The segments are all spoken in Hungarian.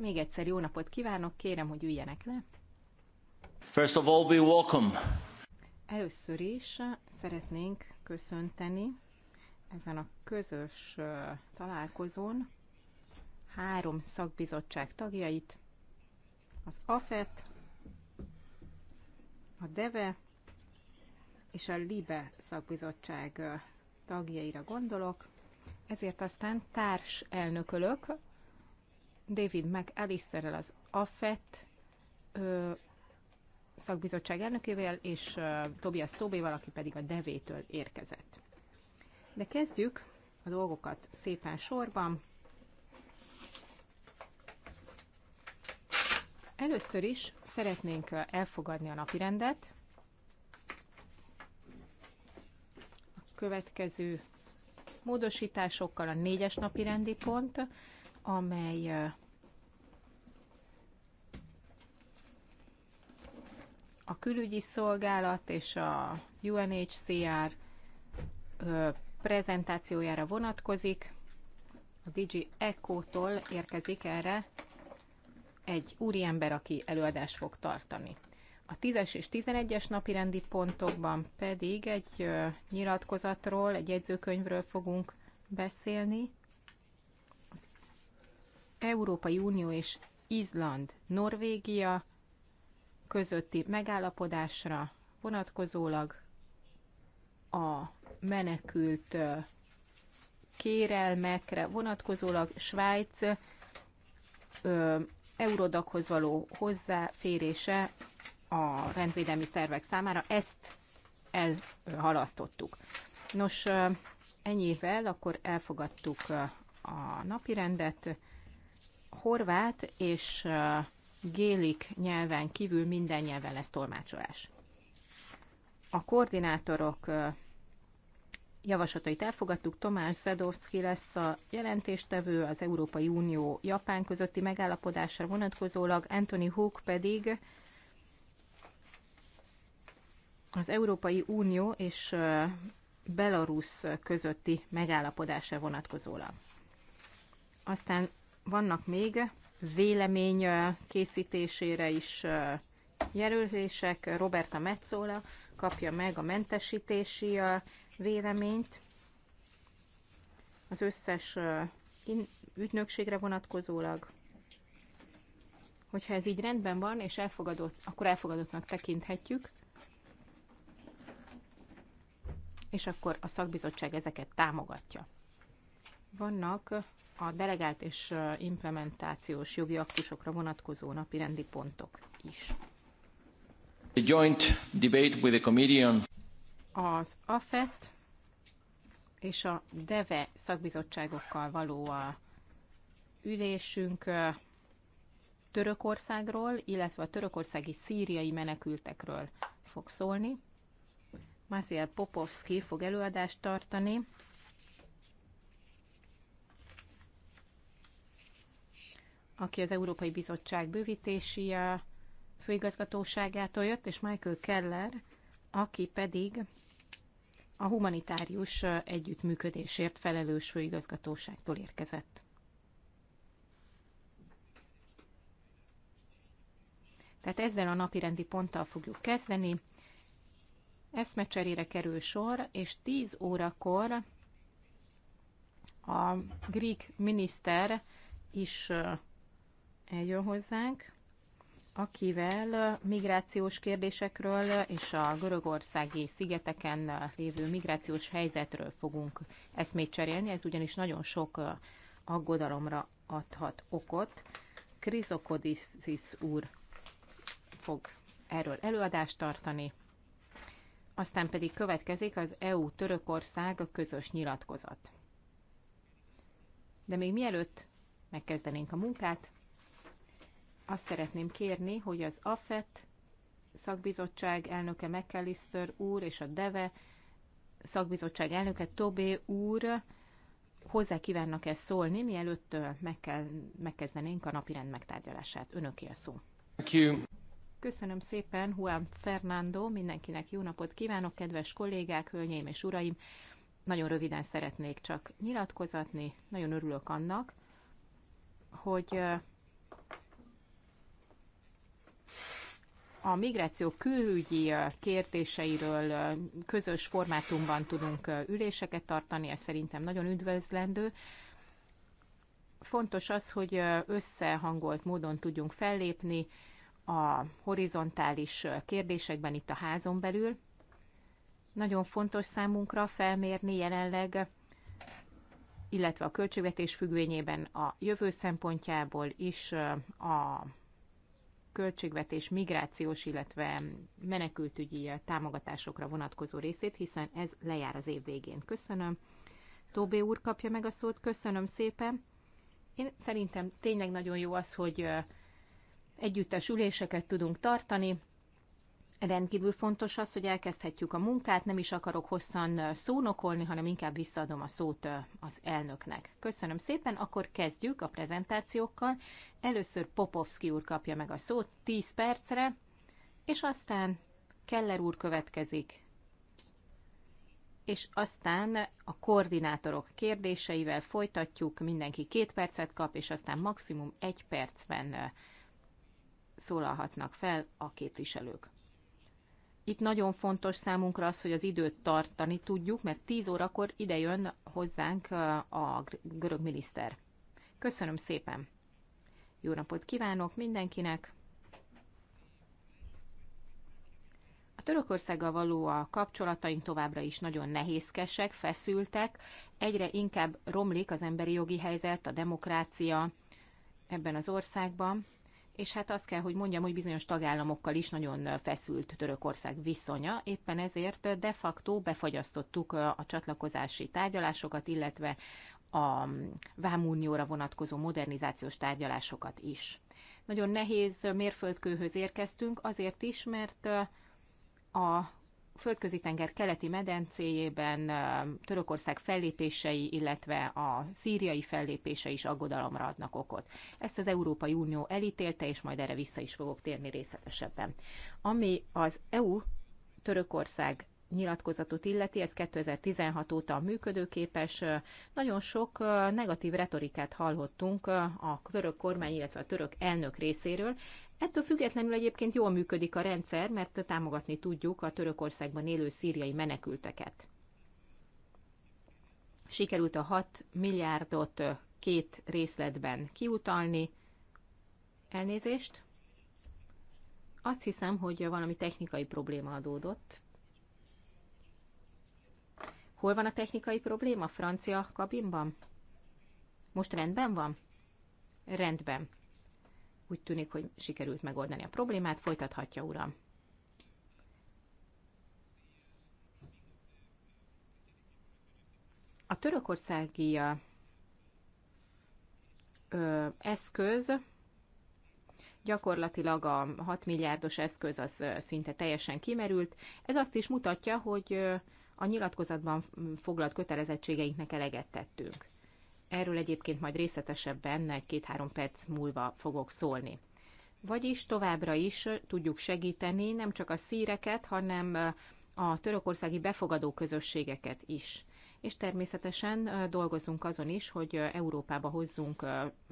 Még egyszer jó napot kívánok, kérem, hogy üljenek le. First of all, be welcome. Először is szeretnénk köszönteni ezen a közös találkozón három szakbizottság tagjait, az AFET, a DEVE e e és a LIBE szakbizottság tagjaira gondolok ezért aztán társ elnökölök David meg Alisterrel az AFET ö, szakbizottság elnökével, és ö, Tobias Tobéval, aki pedig a devétől érkezett. De kezdjük a dolgokat szépen sorban. Először is szeretnénk elfogadni a napirendet. A következő módosításokkal a négyes napi rendi pont, amely a külügyi szolgálat és a UNHCR prezentációjára vonatkozik. A DG Echo-tól érkezik erre egy úriember, aki előadást fog tartani. A 10-es és 11-es napirendi pontokban pedig egy nyilatkozatról, egy jegyzőkönyvről fogunk beszélni. Az Európai Unió és Izland, Norvégia közötti megállapodásra vonatkozólag a menekült kérelmekre vonatkozólag Svájc Eurodakhoz való hozzáférése a rendvédelmi szervek számára, ezt elhalasztottuk. Nos, ennyivel akkor elfogadtuk a napirendet. Horvát és gélik nyelven kívül minden nyelven lesz tolmácsolás. A koordinátorok javaslatait elfogadtuk. Tomás Zedorszki lesz a jelentéstevő az Európai Unió Japán közötti megállapodásra vonatkozólag, Anthony Hook pedig az Európai Unió és Belarus közötti megállapodásra vonatkozólag. Aztán vannak még vélemény készítésére is jelölések. Roberta Metzola kapja meg a mentesítési véleményt. Az összes ügynökségre vonatkozólag. Hogyha ez így rendben van, és elfogadott, akkor elfogadottnak tekinthetjük. és akkor a szakbizottság ezeket támogatja. Vannak a delegált és implementációs jogi aktusokra vonatkozó napirendi pontok is. The joint debate with the committee on... Az AFET és a DEVE szakbizottságokkal való a ülésünk Törökországról, illetve a törökországi szíriai menekültekről fog szólni. Maciel Popovski fog előadást tartani. aki az Európai Bizottság bővítési főigazgatóságától jött, és Michael Keller, aki pedig a humanitárius együttműködésért felelős főigazgatóságtól érkezett. Tehát ezzel a napirendi ponttal fogjuk kezdeni eszmecserére kerül sor, és 10 órakor a Greek miniszter is eljön hozzánk, akivel migrációs kérdésekről és a görögországi szigeteken lévő migrációs helyzetről fogunk eszmét cserélni, ez ugyanis nagyon sok aggodalomra adhat okot. Krizokodis úr fog erről előadást tartani aztán pedig következik az EU-Törökország közös nyilatkozat. De még mielőtt megkezdenénk a munkát, azt szeretném kérni, hogy az AFET szakbizottság elnöke McAllister úr és a DEVE szakbizottság elnöke Tobé úr hozzá kívánnak-e szólni, mielőtt meg kell, megkezdenénk a napirend megtárgyalását. Önöké a szó. Thank you. Köszönöm szépen, Juan Fernando, mindenkinek jó napot kívánok, kedves kollégák, hölgyeim és uraim. Nagyon röviden szeretnék csak nyilatkozatni, nagyon örülök annak, hogy a migráció külügyi kérdéseiről közös formátumban tudunk üléseket tartani, ez szerintem nagyon üdvözlendő. Fontos az, hogy összehangolt módon tudjunk fellépni, a horizontális kérdésekben itt a házon belül. Nagyon fontos számunkra felmérni jelenleg, illetve a költségvetés függvényében a jövő szempontjából is a költségvetés migrációs, illetve menekültügyi támogatásokra vonatkozó részét, hiszen ez lejár az év végén. Köszönöm. Tóbé úr kapja meg a szót, köszönöm szépen. Én szerintem tényleg nagyon jó az, hogy együttes üléseket tudunk tartani. Rendkívül fontos az, hogy elkezdhetjük a munkát, nem is akarok hosszan szónokolni, hanem inkább visszaadom a szót az elnöknek. Köszönöm szépen, akkor kezdjük a prezentációkkal. Először Popovski úr kapja meg a szót 10 percre, és aztán Keller úr következik, és aztán a koordinátorok kérdéseivel folytatjuk, mindenki két percet kap, és aztán maximum egy percben szólalhatnak fel a képviselők. Itt nagyon fontos számunkra az, hogy az időt tartani tudjuk, mert 10 órakor ide jön hozzánk a görög miniszter. Köszönöm szépen! Jó napot kívánok mindenkinek! A Törökországgal való a kapcsolataink továbbra is nagyon nehézkesek, feszültek, egyre inkább romlik az emberi jogi helyzet, a demokrácia ebben az országban és hát azt kell, hogy mondjam, hogy bizonyos tagállamokkal is nagyon feszült Törökország viszonya, éppen ezért de facto befagyasztottuk a csatlakozási tárgyalásokat, illetve a Vámunióra vonatkozó modernizációs tárgyalásokat is. Nagyon nehéz mérföldkőhöz érkeztünk, azért is, mert a földközi tenger keleti medencéjében Törökország fellépései, illetve a szíriai fellépése is aggodalomra adnak okot. Ezt az Európai Unió elítélte, és majd erre vissza is fogok térni részletesebben. Ami az EU Törökország nyilatkozatot illeti, ez 2016 óta működőképes. Nagyon sok negatív retorikát hallottunk a török kormány, illetve a török elnök részéről. Ettől függetlenül egyébként jól működik a rendszer, mert támogatni tudjuk a Törökországban élő szíriai menekülteket. Sikerült a 6 milliárdot két részletben kiutalni. Elnézést! Azt hiszem, hogy valami technikai probléma adódott. Hol van a technikai probléma? Francia kabinban? Most rendben van? Rendben. Úgy tűnik, hogy sikerült megoldani a problémát, folytathatja, uram. A törökországi ö, eszköz gyakorlatilag a 6 milliárdos eszköz az szinte teljesen kimerült. Ez azt is mutatja, hogy a nyilatkozatban foglalt kötelezettségeinknek eleget tettünk. Erről egyébként majd részletesebben egy-két-három perc múlva fogok szólni. Vagyis továbbra is tudjuk segíteni nem csak a szíreket, hanem a törökországi befogadó közösségeket is. És természetesen dolgozunk azon is, hogy Európába hozzunk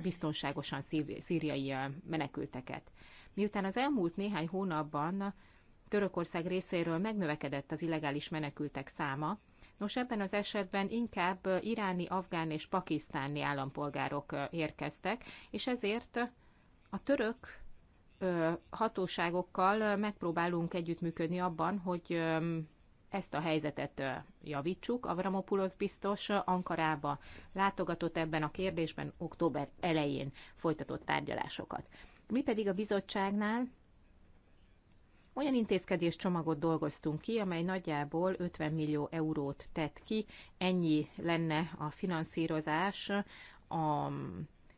biztonságosan szíriai menekülteket. Miután az elmúlt néhány hónapban Törökország részéről megnövekedett az illegális menekültek száma, Nos, ebben az esetben inkább iráni, afgán és pakisztáni állampolgárok érkeztek, és ezért a török hatóságokkal megpróbálunk együttműködni abban, hogy ezt a helyzetet javítsuk. Avramopulos biztos Ankarába látogatott ebben a kérdésben október elején folytatott tárgyalásokat. Mi pedig a bizottságnál olyan intézkedés csomagot dolgoztunk ki, amely nagyjából 50 millió eurót tett ki, ennyi lenne a finanszírozás a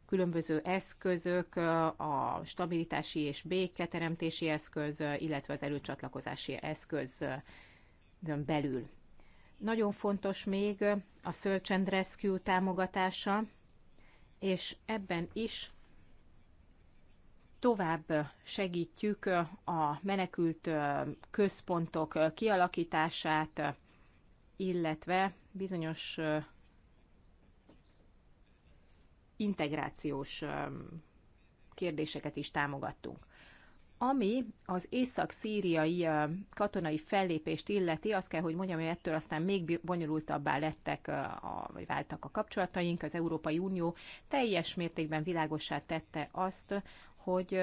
különböző eszközök, a stabilitási és béketeremtési eszköz, illetve az előcsatlakozási eszköz belül. Nagyon fontos még a Search and Rescue támogatása, és ebben is tovább segítjük a menekült központok kialakítását, illetve bizonyos integrációs kérdéseket is támogattunk. Ami az észak-szíriai katonai fellépést illeti, azt kell, hogy mondjam, hogy ettől aztán még bonyolultabbá lettek, a, vagy váltak a kapcsolataink. Az Európai Unió teljes mértékben világossá tette azt, hogy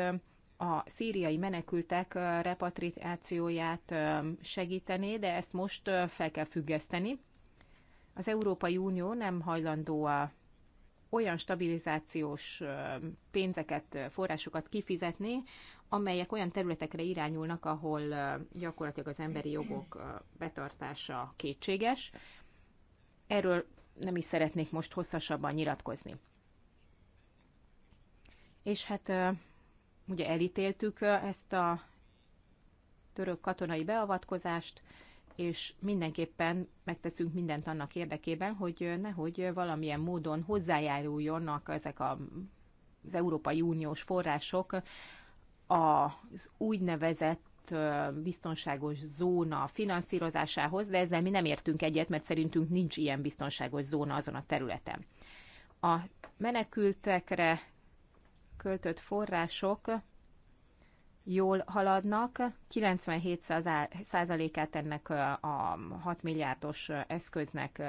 a szíriai menekültek repatriációját segítené, de ezt most fel kell függeszteni. Az Európai Unió nem hajlandó a olyan stabilizációs pénzeket, forrásokat kifizetni, amelyek olyan területekre irányulnak, ahol gyakorlatilag az emberi jogok betartása kétséges. Erről nem is szeretnék most hosszasabban nyilatkozni. És hát Ugye elítéltük ezt a török katonai beavatkozást, és mindenképpen megteszünk mindent annak érdekében, hogy nehogy valamilyen módon hozzájáruljonnak ezek a, az Európai Uniós források az úgynevezett biztonságos zóna finanszírozásához, de ezzel mi nem értünk egyet, mert szerintünk nincs ilyen biztonságos zóna azon a területen. A menekültekre költött források jól haladnak, 97%-át ennek a 6 milliárdos eszköznek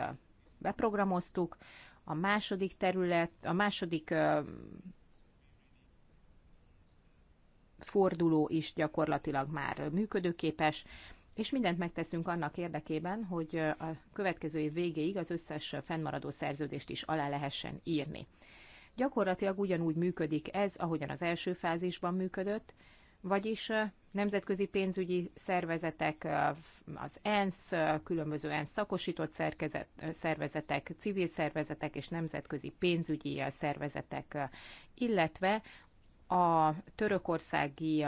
beprogramoztuk. A második terület, a második forduló is gyakorlatilag már működőképes, és mindent megteszünk annak érdekében, hogy a következő év végéig az összes fennmaradó szerződést is alá lehessen írni. Gyakorlatilag ugyanúgy működik ez, ahogyan az első fázisban működött, vagyis nemzetközi pénzügyi szervezetek, az ENSZ, különböző ENSZ szakosított szerkezet, szervezetek, civil szervezetek és nemzetközi pénzügyi szervezetek, illetve a törökországi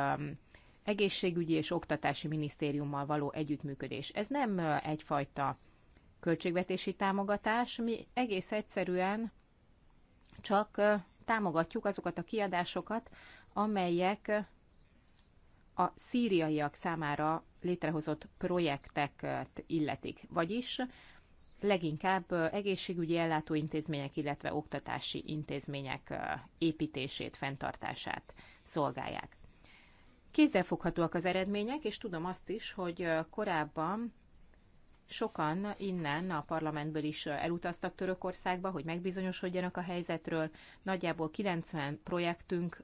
egészségügyi és oktatási minisztériummal való együttműködés. Ez nem egyfajta költségvetési támogatás, mi egész egyszerűen csak támogatjuk azokat a kiadásokat, amelyek a szíriaiak számára létrehozott projekteket illetik, vagyis leginkább egészségügyi ellátóintézmények, illetve oktatási intézmények építését, fenntartását szolgálják. Kézzelfoghatóak az eredmények, és tudom azt is, hogy korábban sokan innen a parlamentből is elutaztak Törökországba, hogy megbizonyosodjanak a helyzetről. Nagyjából 90 projektünk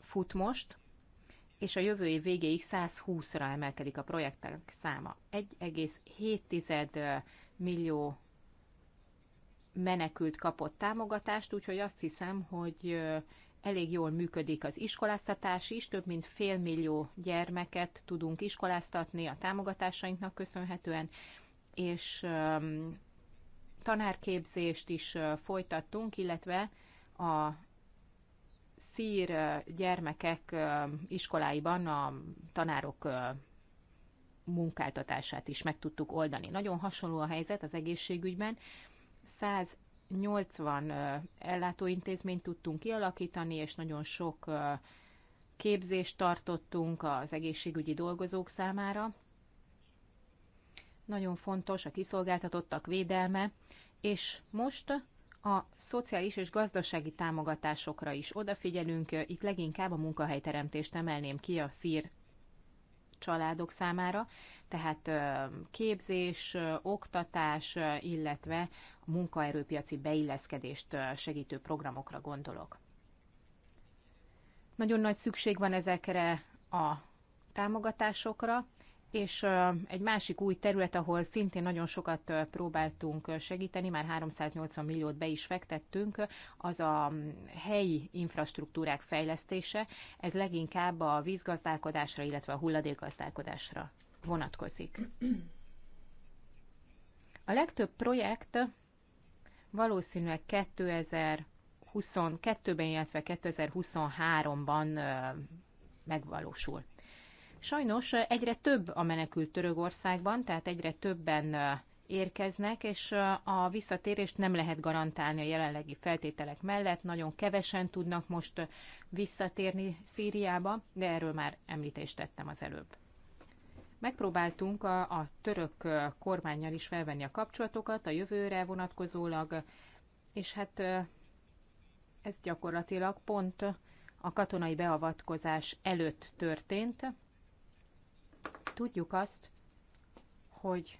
fut most, és a jövő év végéig 120-ra emelkedik a projektek száma. 1,7 millió menekült kapott támogatást, úgyhogy azt hiszem, hogy elég jól működik az iskoláztatás is, több mint fél millió gyermeket tudunk iskoláztatni a támogatásainknak köszönhetően, és tanárképzést is folytattunk, illetve a szír gyermekek iskoláiban a tanárok munkáltatását is meg tudtuk oldani. Nagyon hasonló a helyzet az egészségügyben. 100 80 ellátóintézményt tudtunk kialakítani, és nagyon sok képzést tartottunk az egészségügyi dolgozók számára. Nagyon fontos a kiszolgáltatottak védelme, és most a szociális és gazdasági támogatásokra is odafigyelünk, itt leginkább a munkahelyteremtést emelném ki a szír családok számára, tehát képzés, oktatás, illetve munkaerőpiaci beilleszkedést segítő programokra gondolok. Nagyon nagy szükség van ezekre a támogatásokra, és egy másik új terület, ahol szintén nagyon sokat próbáltunk segíteni, már 380 milliót be is fektettünk, az a helyi infrastruktúrák fejlesztése. Ez leginkább a vízgazdálkodásra, illetve a hulladékgazdálkodásra vonatkozik. A legtöbb projekt valószínűleg 2022-ben, illetve 2023-ban megvalósul. Sajnos egyre több a menekült Törögországban, tehát egyre többen érkeznek, és a visszatérést nem lehet garantálni a jelenlegi feltételek mellett. Nagyon kevesen tudnak most visszatérni Szíriába, de erről már említést tettem az előbb. Megpróbáltunk a, a török kormányjal is felvenni a kapcsolatokat a jövőre vonatkozólag, és hát ez gyakorlatilag pont a katonai beavatkozás előtt történt, tudjuk azt, hogy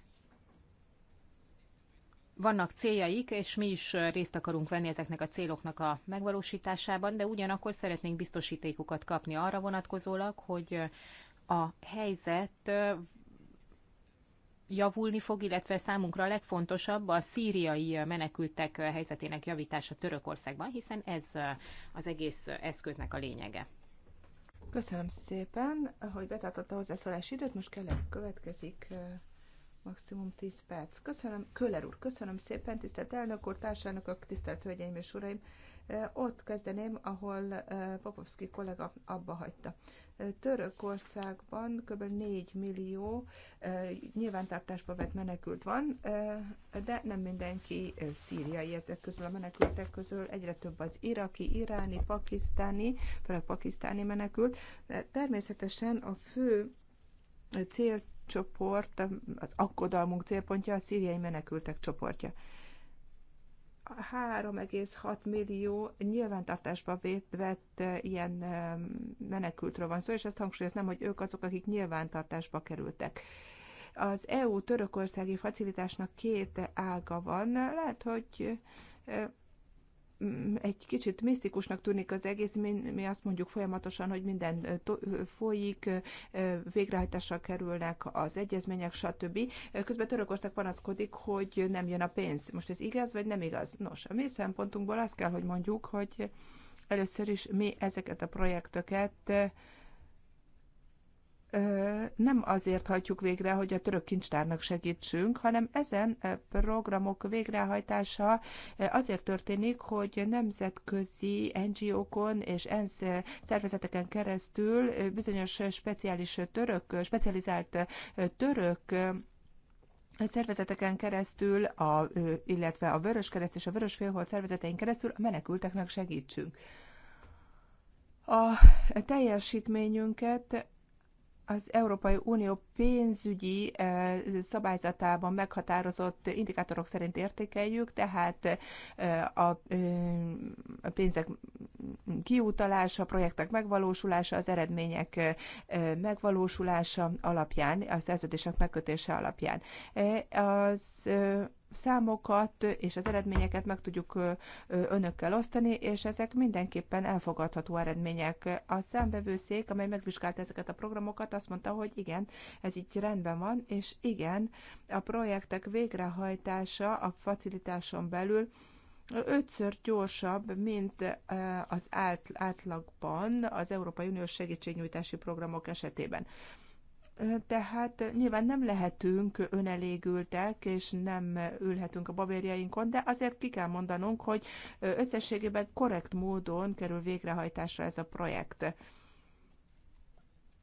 vannak céljaik, és mi is részt akarunk venni ezeknek a céloknak a megvalósításában, de ugyanakkor szeretnénk biztosítékokat kapni arra vonatkozólag, hogy a helyzet javulni fog, illetve számunkra a legfontosabb a szíriai menekültek helyzetének javítása Törökországban, hiszen ez az egész eszköznek a lényege. Köszönöm szépen, hogy betartotta a hozzászólási időt. Most kellett következik maximum 10 perc. Köszönöm, Köller úr, köszönöm szépen, tisztelt elnök úr, társadalmak, tisztelt hölgyeim és uraim. Ott kezdeném, ahol Popovski kollega abba hagyta. Törökországban kb. 4 millió nyilvántartásba vett menekült van, de nem mindenki szíriai ezek közül, a menekültek közül. Egyre több az iraki, iráni, pakisztáni, főleg pakisztáni menekült. Természetesen a fő célcsoport az akkodalmunk célpontja a szíriai menekültek csoportja. 3,6 millió nyilvántartásba vett eh, ilyen eh, menekültről van szó, és ezt hangsúlyoznám, hogy ők azok, akik nyilvántartásba kerültek. Az EU-törökországi facilitásnak két ága van, lehet, hogy eh, Mm, egy kicsit misztikusnak tűnik az egész, mi, mi azt mondjuk folyamatosan, hogy minden folyik, végrehajtásra kerülnek az egyezmények, stb. Közben Törökország panaszkodik, hogy nem jön a pénz. Most ez igaz, vagy nem igaz? Nos, a mi szempontunkból azt kell, hogy mondjuk, hogy először is mi ezeket a projekteket nem azért hajtjuk végre, hogy a török kincstárnak segítsünk, hanem ezen programok végrehajtása azért történik, hogy nemzetközi NGO-kon és ENSZ szervezeteken keresztül bizonyos speciális török, specializált török a szervezeteken keresztül, a, illetve a Vörös Kereszt és a Vörös Félhold szervezetein keresztül a menekülteknek segítsünk. A teljesítményünket az Európai Unió pénzügyi eh, szabályzatában meghatározott indikátorok szerint értékeljük, tehát eh, eh, a pénzek kiutalása, projektek megvalósulása, az eredmények megvalósulása alapján, a szerződések megkötése alapján. Az számokat és az eredményeket meg tudjuk önökkel osztani, és ezek mindenképpen elfogadható eredmények. A számbevőszék, amely megvizsgálta ezeket a programokat, azt mondta, hogy igen, ez így rendben van, és igen, a projektek végrehajtása a facilitáson belül ötször gyorsabb, mint az átlagban az Európai Uniós segítségnyújtási programok esetében. Tehát nyilván nem lehetünk önelégültek, és nem ülhetünk a babérjainkon, de azért ki kell mondanunk, hogy összességében korrekt módon kerül végrehajtásra ez a projekt.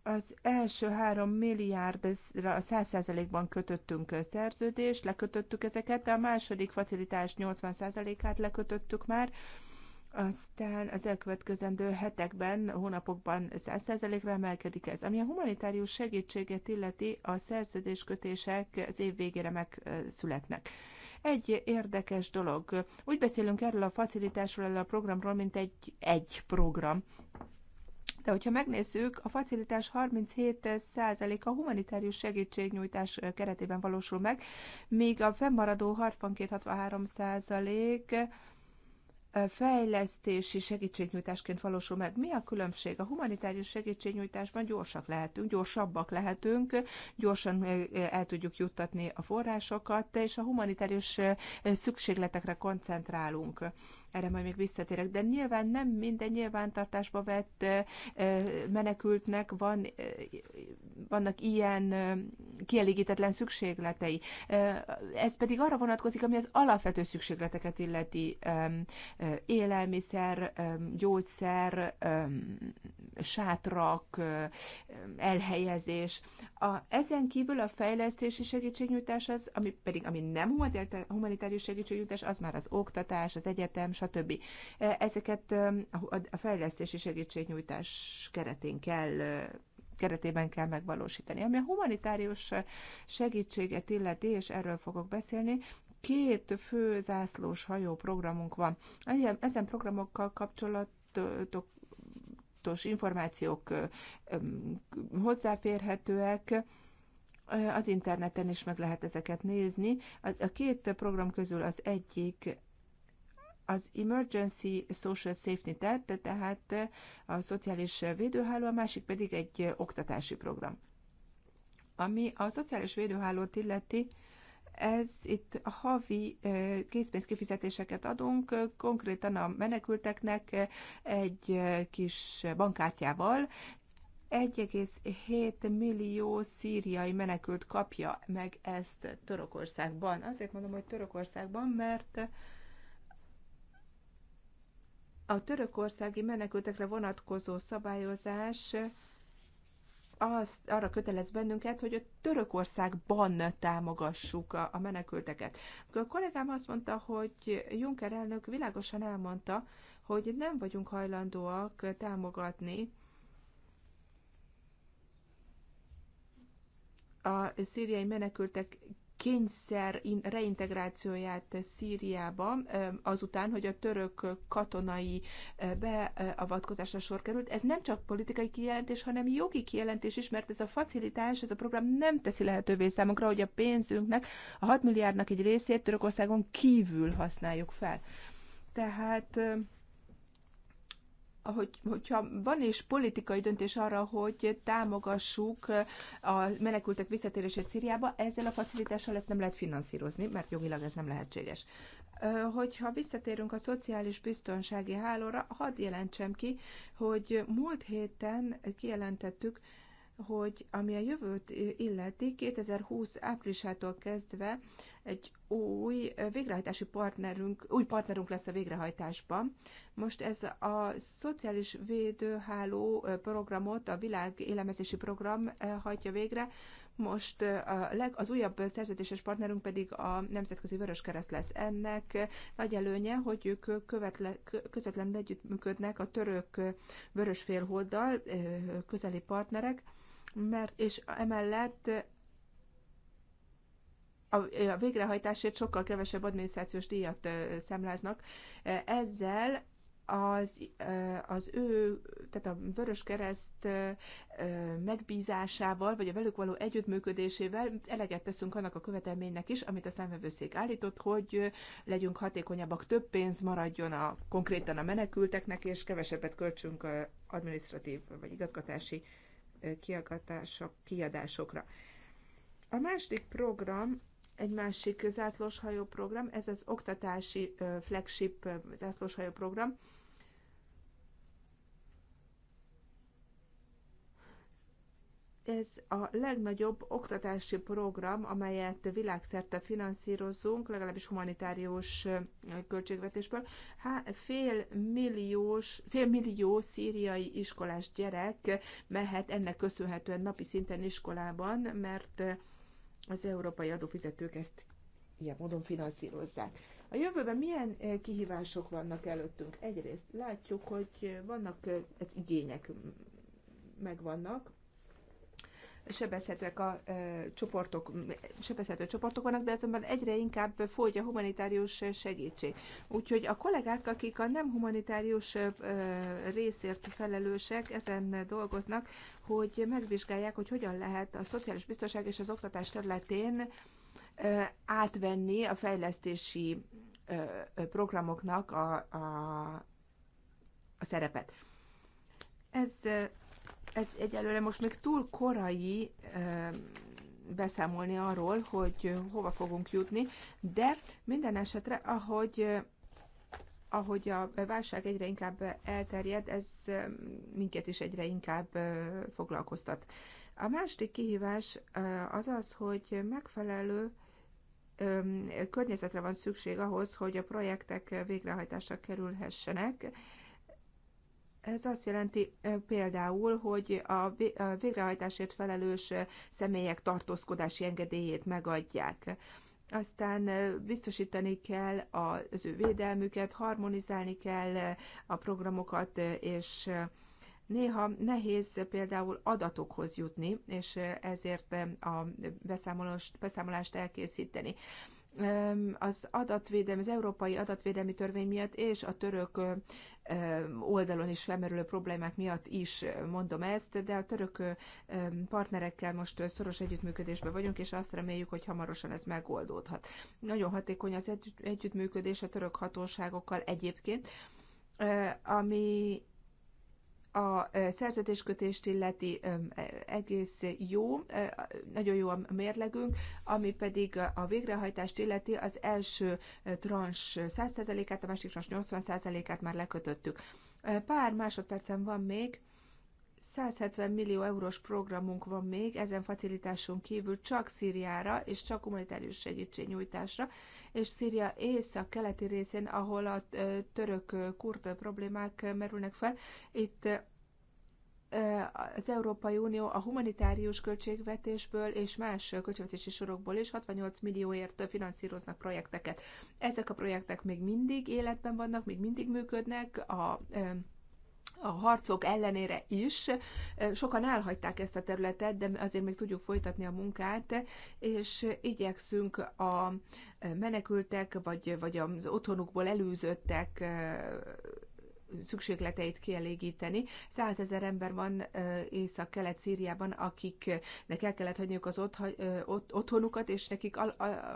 Az első három milliárdra a száz százalékban kötöttünk szerződést, lekötöttük ezeket, de a második facilitás 80 százalékát lekötöttük már, aztán az elkövetkezendő hetekben, hónapokban 100%-ra emelkedik ez. Ami a humanitárius segítséget illeti, a szerződéskötések az év végére megszületnek. Egy érdekes dolog. Úgy beszélünk erről a facilitásról, erről a programról, mint egy, egy program. De hogyha megnézzük, a facilitás 37% a humanitárius segítségnyújtás keretében valósul meg, míg a fennmaradó 62-63% fejlesztési segítségnyújtásként valósul meg. Mi a különbség? A humanitárius segítségnyújtásban gyorsak lehetünk, gyorsabbak lehetünk, gyorsan eh, el tudjuk juttatni a forrásokat, és a humanitárius eh, szükségletekre koncentrálunk erre majd még visszatérek, de nyilván nem minden nyilvántartásba vett menekültnek van, vannak ilyen kielégítetlen szükségletei. Ez pedig arra vonatkozik, ami az alapvető szükségleteket illeti élelmiszer, gyógyszer, sátrak, elhelyezés. A, ezen kívül a fejlesztési segítségnyújtás az, ami pedig ami nem humanitárius segítségnyújtás, az már az oktatás, az egyetem, stb stb. E, ezeket e, a fejlesztési segítségnyújtás keretén kell e, keretében kell megvalósítani. Ami a humanitárius segítséget illeti, és erről fogok beszélni, két fő zászlós hajó programunk van. Ezen programokkal kapcsolatok információk hozzáférhetőek, az interneten is meg lehet ezeket nézni. A két program közül az egyik az Emergency Social Safety Net, tehát a szociális védőháló, a másik pedig egy oktatási program. Ami a szociális védőhálót illeti, ez itt a havi eh, készpénzkifizetéseket adunk, konkrétan a menekülteknek eh, egy eh, kis bankkártyával, 1,7 millió szíriai menekült kapja meg ezt Törökországban. Azért mondom, hogy Törökországban, mert a törökországi menekültekre vonatkozó szabályozás az, arra kötelez bennünket, hogy a Törökországban támogassuk a, a menekülteket. A kollégám azt mondta, hogy Juncker elnök világosan elmondta, hogy nem vagyunk hajlandóak támogatni a szíriai menekültek kényszer reintegrációját Szíriába, azután, hogy a török katonai beavatkozásra sor került. Ez nem csak politikai kijelentés, hanem jogi kijelentés is, mert ez a facilitás, ez a program nem teszi lehetővé számunkra, hogy a pénzünknek, a 6 milliárdnak egy részét Törökországon kívül használjuk fel. Tehát hogy, hogyha van is politikai döntés arra, hogy támogassuk a menekültek visszatérését Szíriába, ezzel a facilitással ezt nem lehet finanszírozni, mert jogilag ez nem lehetséges. Hogyha visszatérünk a szociális biztonsági hálóra, hadd jelentsem ki, hogy múlt héten kijelentettük, hogy ami a jövőt illeti, 2020 áprilisától kezdve egy új végrehajtási partnerünk, új partnerünk lesz a végrehajtásban. Most ez a szociális védőháló programot, a világ élemezési program hajtja végre, most a leg, az újabb szerződéses partnerünk pedig a Nemzetközi Vöröskereszt lesz. Ennek nagy előnye, hogy ők követle, közvetlenül együttműködnek a török vörösfélholddal, közeli partnerek, mert, és emellett a végrehajtásért sokkal kevesebb adminisztrációs díjat számláznak. Ezzel az, az ő, tehát a Vörös Kereszt megbízásával, vagy a velük való együttműködésével eleget teszünk annak a követelménynek is, amit a számvevőszék állított, hogy legyünk hatékonyabbak, több pénz maradjon a, konkrétan a menekülteknek, és kevesebbet költsünk administratív vagy igazgatási kiadásokra. A második program egy másik zászlóshajó program, ez az oktatási flagship zászlóshajó program. Ez a legnagyobb oktatási program, amelyet világszerte finanszírozunk, legalábbis humanitárius költségvetésből. Há, fél, milliós, fél millió szíriai iskolás gyerek mehet ennek köszönhetően napi szinten iskolában, mert az európai adófizetők ezt ilyen módon finanszírozzák. A jövőben milyen eh, kihívások vannak előttünk? Egyrészt látjuk, hogy vannak eh, ez igények megvannak, sebezhetőek a csoportok, sebezhető csoportok vannak, de azonban egyre inkább fogy a humanitárius segítség. Úgyhogy a kollégák, akik a nem humanitárius részért felelősek, ezen dolgoznak, hogy megvizsgálják, hogy hogyan lehet a szociális biztonság és az oktatás területén átvenni a fejlesztési programoknak a, a, a szerepet. Ez ez egyelőre most még túl korai beszámolni arról, hogy hova fogunk jutni, de minden esetre, ahogy ahogy a válság egyre inkább elterjed, ez minket is egyre inkább foglalkoztat. A második kihívás az az, hogy megfelelő környezetre van szükség ahhoz, hogy a projektek végrehajtásra kerülhessenek, ez azt jelenti például, hogy a végrehajtásért felelős személyek tartózkodási engedélyét megadják. Aztán biztosítani kell az ő védelmüket, harmonizálni kell a programokat, és Néha nehéz például adatokhoz jutni, és ezért a beszámolást elkészíteni az adatvédelmi, az európai adatvédelmi törvény miatt és a török oldalon is felmerülő problémák miatt is mondom ezt, de a török partnerekkel most szoros együttműködésben vagyunk, és azt reméljük, hogy hamarosan ez megoldódhat. Nagyon hatékony az együttműködés a török hatóságokkal egyébként, ami a szerződéskötést illeti egész jó, nagyon jó a mérlegünk, ami pedig a végrehajtást illeti az első trans 100%-át, a másik trans 80%-át már lekötöttük. Pár másodpercen van még, 170 millió eurós programunk van még ezen facilitáson kívül csak Szíriára és csak humanitárius segítségnyújtásra és Szíria észak-keleti részén, ahol a török kurd problémák merülnek fel. Itt az Európai Unió a humanitárius költségvetésből és más költségvetési sorokból is 68 millióért finanszíroznak projekteket. Ezek a projektek még mindig életben vannak, még mindig működnek, a a harcok ellenére is. Sokan elhagyták ezt a területet, de azért még tudjuk folytatni a munkát, és igyekszünk a menekültek, vagy, vagy az otthonukból előzöttek szükségleteit kielégíteni. Százezer ember van észak-kelet Szíriában, akiknek el kellett hagyniuk az otthonukat, és nekik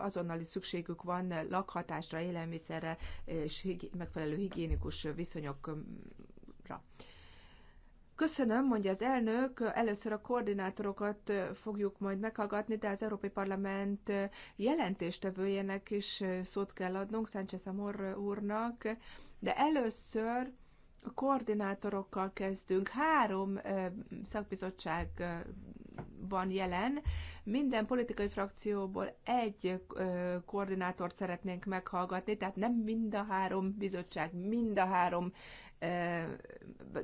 azonnali szükségük van lakhatásra, élelmiszerre és megfelelő higiénikus viszonyok napra. Köszönöm, mondja az elnök. Először a koordinátorokat fogjuk majd meghallgatni, de az Európai Parlament jelentéstevőjének is szót kell adnunk, Sánchez Amor úrnak. De először a koordinátorokkal kezdünk. Három szakbizottság van jelen. Minden politikai frakcióból egy koordinátort szeretnénk meghallgatni, tehát nem mind a három bizottság, mind a három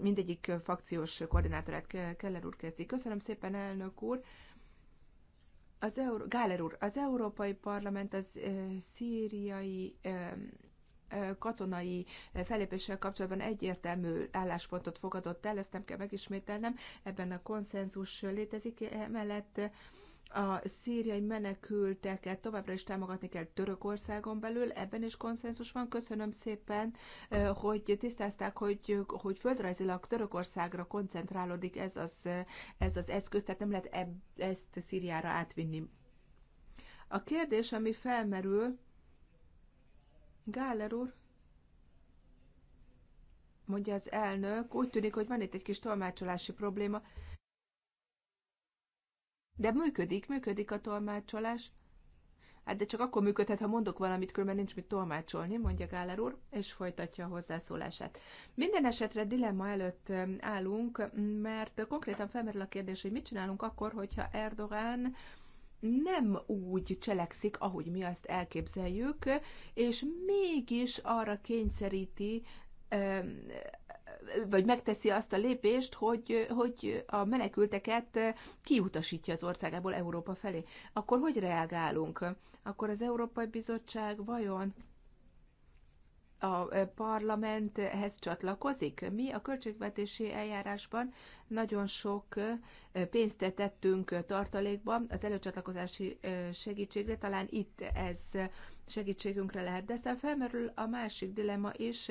mindegyik fakciós koordinátorát Keller úr kezdi. Köszönöm szépen, elnök úr! Az Euró- Gáler úr, az Európai Parlament az szíriai katonai felépéssel kapcsolatban egyértelmű álláspontot fogadott el, ezt nem kell megismételnem, ebben a konszenzus létezik, emellett a szíriai menekülteket továbbra is támogatni kell Törökországon belül, ebben is konszenzus van. Köszönöm szépen, eh, hogy tisztázták, hogy, hogy földrajzilag Törökországra koncentrálódik ez az, ez az eszköz, tehát nem lehet eb, ezt Szíriára átvinni. A kérdés, ami felmerül, Gáller úr, mondja az elnök, úgy tűnik, hogy van itt egy kis tolmácsolási probléma. De működik, működik a tolmácsolás. Hát de csak akkor működhet, ha mondok valamit, különben nincs mit tolmácsolni, mondja Gáler úr, és folytatja a hozzászólását. Minden esetre dilemma előtt állunk, mert konkrétan felmerül a kérdés, hogy mit csinálunk akkor, hogyha Erdogán nem úgy cselekszik, ahogy mi azt elképzeljük, és mégis arra kényszeríti vagy megteszi azt a lépést, hogy, hogy a menekülteket kiutasítja az országából Európa felé. Akkor hogy reagálunk? Akkor az Európai Bizottság vajon a parlamenthez csatlakozik. Mi a költségvetési eljárásban nagyon sok pénzt tettünk tartalékba az előcsatlakozási segítségre, talán itt ez segítségünkre lehet. De aztán felmerül a másik dilema is,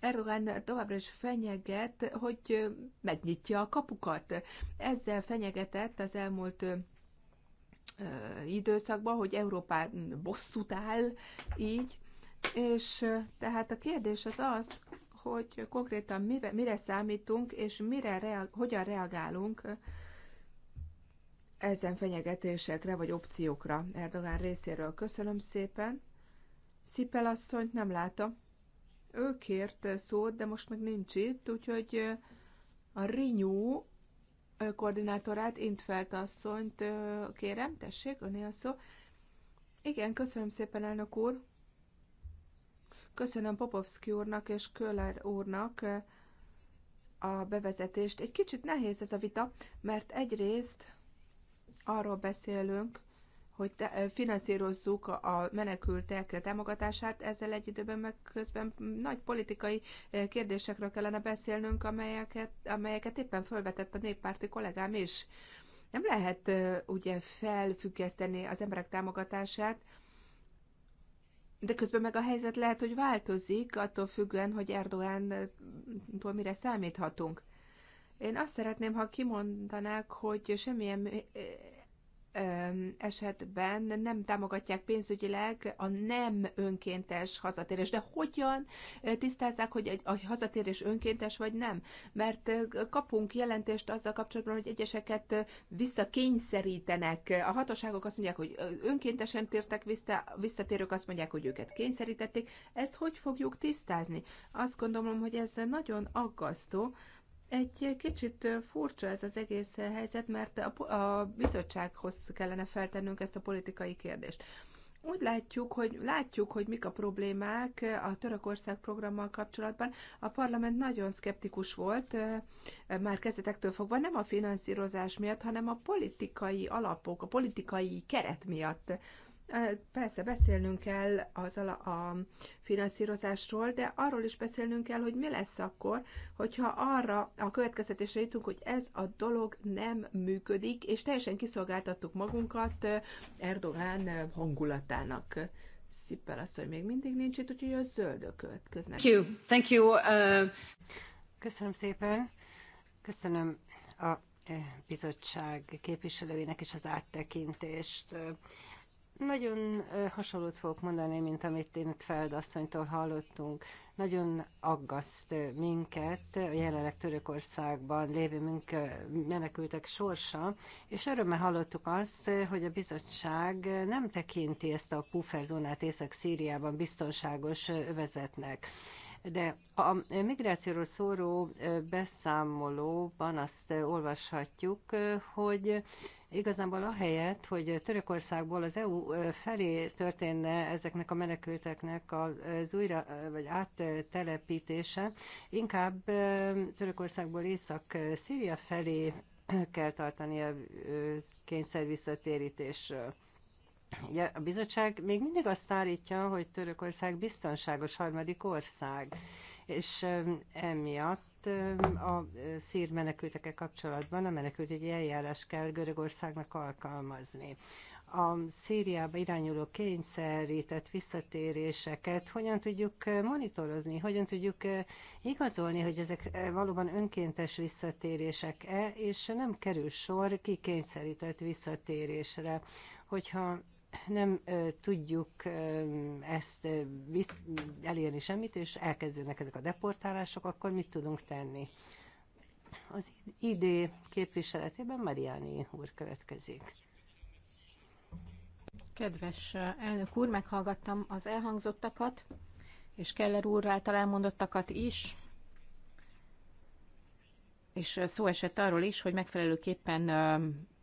Erdogan továbbra is fenyeget, hogy megnyitja a kapukat. Ezzel fenyegetett az elmúlt időszakban, hogy Európá bosszút áll így, és tehát a kérdés az az, hogy konkrétan mire, mire számítunk, és mire reag, hogyan reagálunk ezen fenyegetésekre vagy opciókra Erdogan részéről. Köszönöm szépen. Szipel asszonyt nem látom ő kért szót, de most meg nincs itt, úgyhogy a Rinyú koordinátorát, Intfelt asszonyt kérem, tessék, öné a szó. Igen, köszönöm szépen, elnök úr. Köszönöm Popovszki úrnak és Köller úrnak a bevezetést. Egy kicsit nehéz ez a vita, mert egyrészt arról beszélünk, hogy finanszírozzuk a menekültek támogatását, ezzel egy időben meg közben nagy politikai kérdésekről kellene beszélnünk, amelyeket, amelyeket éppen felvetett a néppárti kollégám is. Nem lehet ugye felfüggeszteni az emberek támogatását, de közben meg a helyzet lehet, hogy változik, attól függően, hogy Erdogántól mire számíthatunk. Én azt szeretném, ha kimondanák, hogy semmilyen esetben nem támogatják pénzügyileg a nem önkéntes hazatérés. De hogyan tisztázzák, hogy a hazatérés önkéntes vagy nem? Mert kapunk jelentést azzal kapcsolatban, hogy egyeseket visszakényszerítenek. A hatóságok azt mondják, hogy önkéntesen tértek vissza, visszatérők azt mondják, hogy őket kényszerítették. Ezt hogy fogjuk tisztázni? Azt gondolom, hogy ez nagyon aggasztó egy kicsit furcsa ez az egész helyzet, mert a, a bizottsághoz kellene feltennünk ezt a politikai kérdést. Úgy látjuk, hogy látjuk, hogy mik a problémák a Törökország programmal kapcsolatban. A parlament nagyon szkeptikus volt, már kezdetektől fogva, nem a finanszírozás miatt, hanem a politikai alapok, a politikai keret miatt. Persze beszélnünk kell az a finanszírozásról, de arról is beszélnünk kell, hogy mi lesz akkor, hogyha arra a következtetésre jutunk, hogy ez a dolog nem működik, és teljesen kiszolgáltattuk magunkat Erdogán hangulatának. Szippel az, hogy még mindig nincs itt, úgyhogy a zöldök következnek. Thank you. Thank you. Uh... Köszönöm szépen. Köszönöm a eh, bizottság képviselőinek is az áttekintést. Nagyon hasonlót fogok mondani, mint amit én Feld asszonytól hallottunk. Nagyon aggaszt minket a jelenleg Törökországban lévő mink, menekültek sorsa, és örömmel hallottuk azt, hogy a bizottság nem tekinti ezt a pufferzónát Észak-Szíriában biztonságos övezetnek. De a migrációról szóró beszámolóban azt olvashatjuk, hogy igazából ahelyett, hogy Törökországból az EU felé történne ezeknek a menekülteknek az újra vagy áttelepítése, inkább Törökországból Észak-Szíria felé kell tartani a kényszer visszatérítésről. Ugye a bizottság még mindig azt állítja, hogy Törökország biztonságos harmadik ország, és emiatt a szír menekültekkel kapcsolatban a menekültügyi eljárás kell Görögországnak alkalmazni a Szíriába irányuló kényszerített visszatéréseket hogyan tudjuk monitorozni, hogyan tudjuk igazolni, hogy ezek valóban önkéntes visszatérések-e, és nem kerül sor kikényszerített visszatérésre. Hogyha nem tudjuk ezt elérni semmit, és elkezdődnek ezek a deportálások, akkor mit tudunk tenni? Az ID képviseletében Mariani úr következik. Kedves elnök úr, meghallgattam az elhangzottakat, és Keller úr által elmondottakat is, és szó esett arról is, hogy megfelelőképpen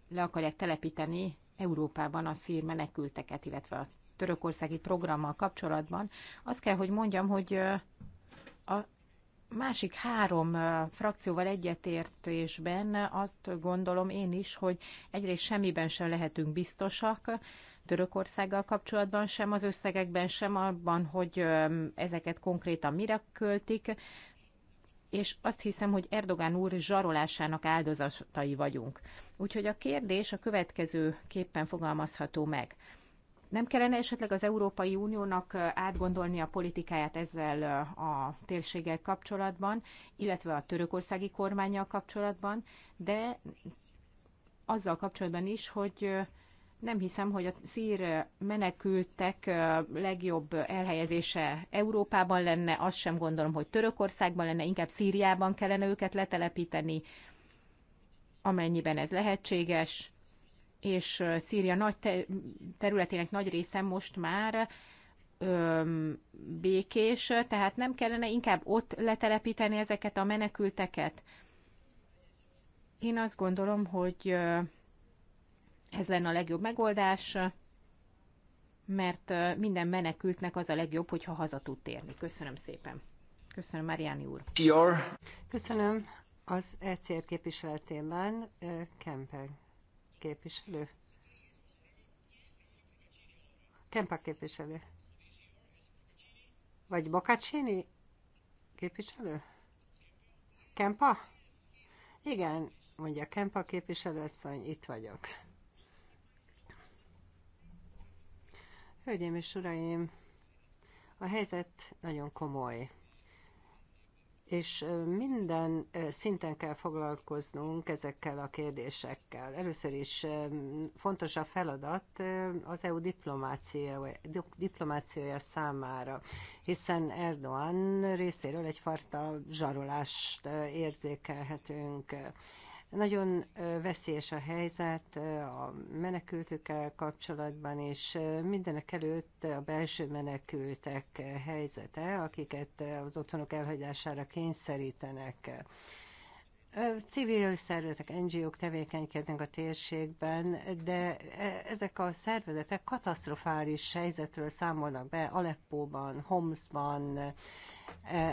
le akarják telepíteni Európában a szír menekülteket, illetve a törökországi programmal kapcsolatban. Azt kell, hogy mondjam, hogy a másik három frakcióval egyetértésben azt gondolom én is, hogy egyrészt semmiben sem lehetünk biztosak, Törökországgal kapcsolatban sem, az összegekben sem, abban, hogy ezeket konkrétan mire költik és azt hiszem, hogy Erdogán úr zsarolásának áldozatai vagyunk. Úgyhogy a kérdés a következő képpen fogalmazható meg. Nem kellene esetleg az Európai Uniónak átgondolni a politikáját ezzel a térséggel kapcsolatban, illetve a törökországi kormányjal kapcsolatban, de azzal kapcsolatban is, hogy nem hiszem, hogy a szír menekültek legjobb elhelyezése Európában lenne, azt sem gondolom, hogy Törökországban lenne, inkább Szíriában kellene őket letelepíteni, amennyiben ez lehetséges, és Szíria nagy te- területének nagy része most már öm, békés, tehát nem kellene inkább ott letelepíteni ezeket a menekülteket? Én azt gondolom, hogy ez lenne a legjobb megoldás, mert minden menekültnek az a legjobb, hogyha haza tud térni. Köszönöm szépen. Köszönöm, Mariani úr. Your... Köszönöm. Az ECR képviseletében Kemper képviselő. Kempa képviselő. Vagy Bocaccini képviselő? Kempa? Igen, mondja Kempa képviselőasszony, itt vagyok. Hölgyeim és uraim, a helyzet nagyon komoly és minden szinten kell foglalkoznunk ezekkel a kérdésekkel. Először is fontos a feladat az EU diplomációja, diplomációja számára, hiszen Erdoğan részéről egyfajta zsarolást érzékelhetünk. Nagyon veszélyes a helyzet a menekültökkel kapcsolatban, és mindenek előtt a belső menekültek helyzete, akiket az otthonok elhagyására kényszerítenek. Civil szervezetek, NGO-k tevékenykednek a térségben, de e, ezek a szervezetek katasztrofális helyzetről számolnak be Aleppóban, Homszban, e,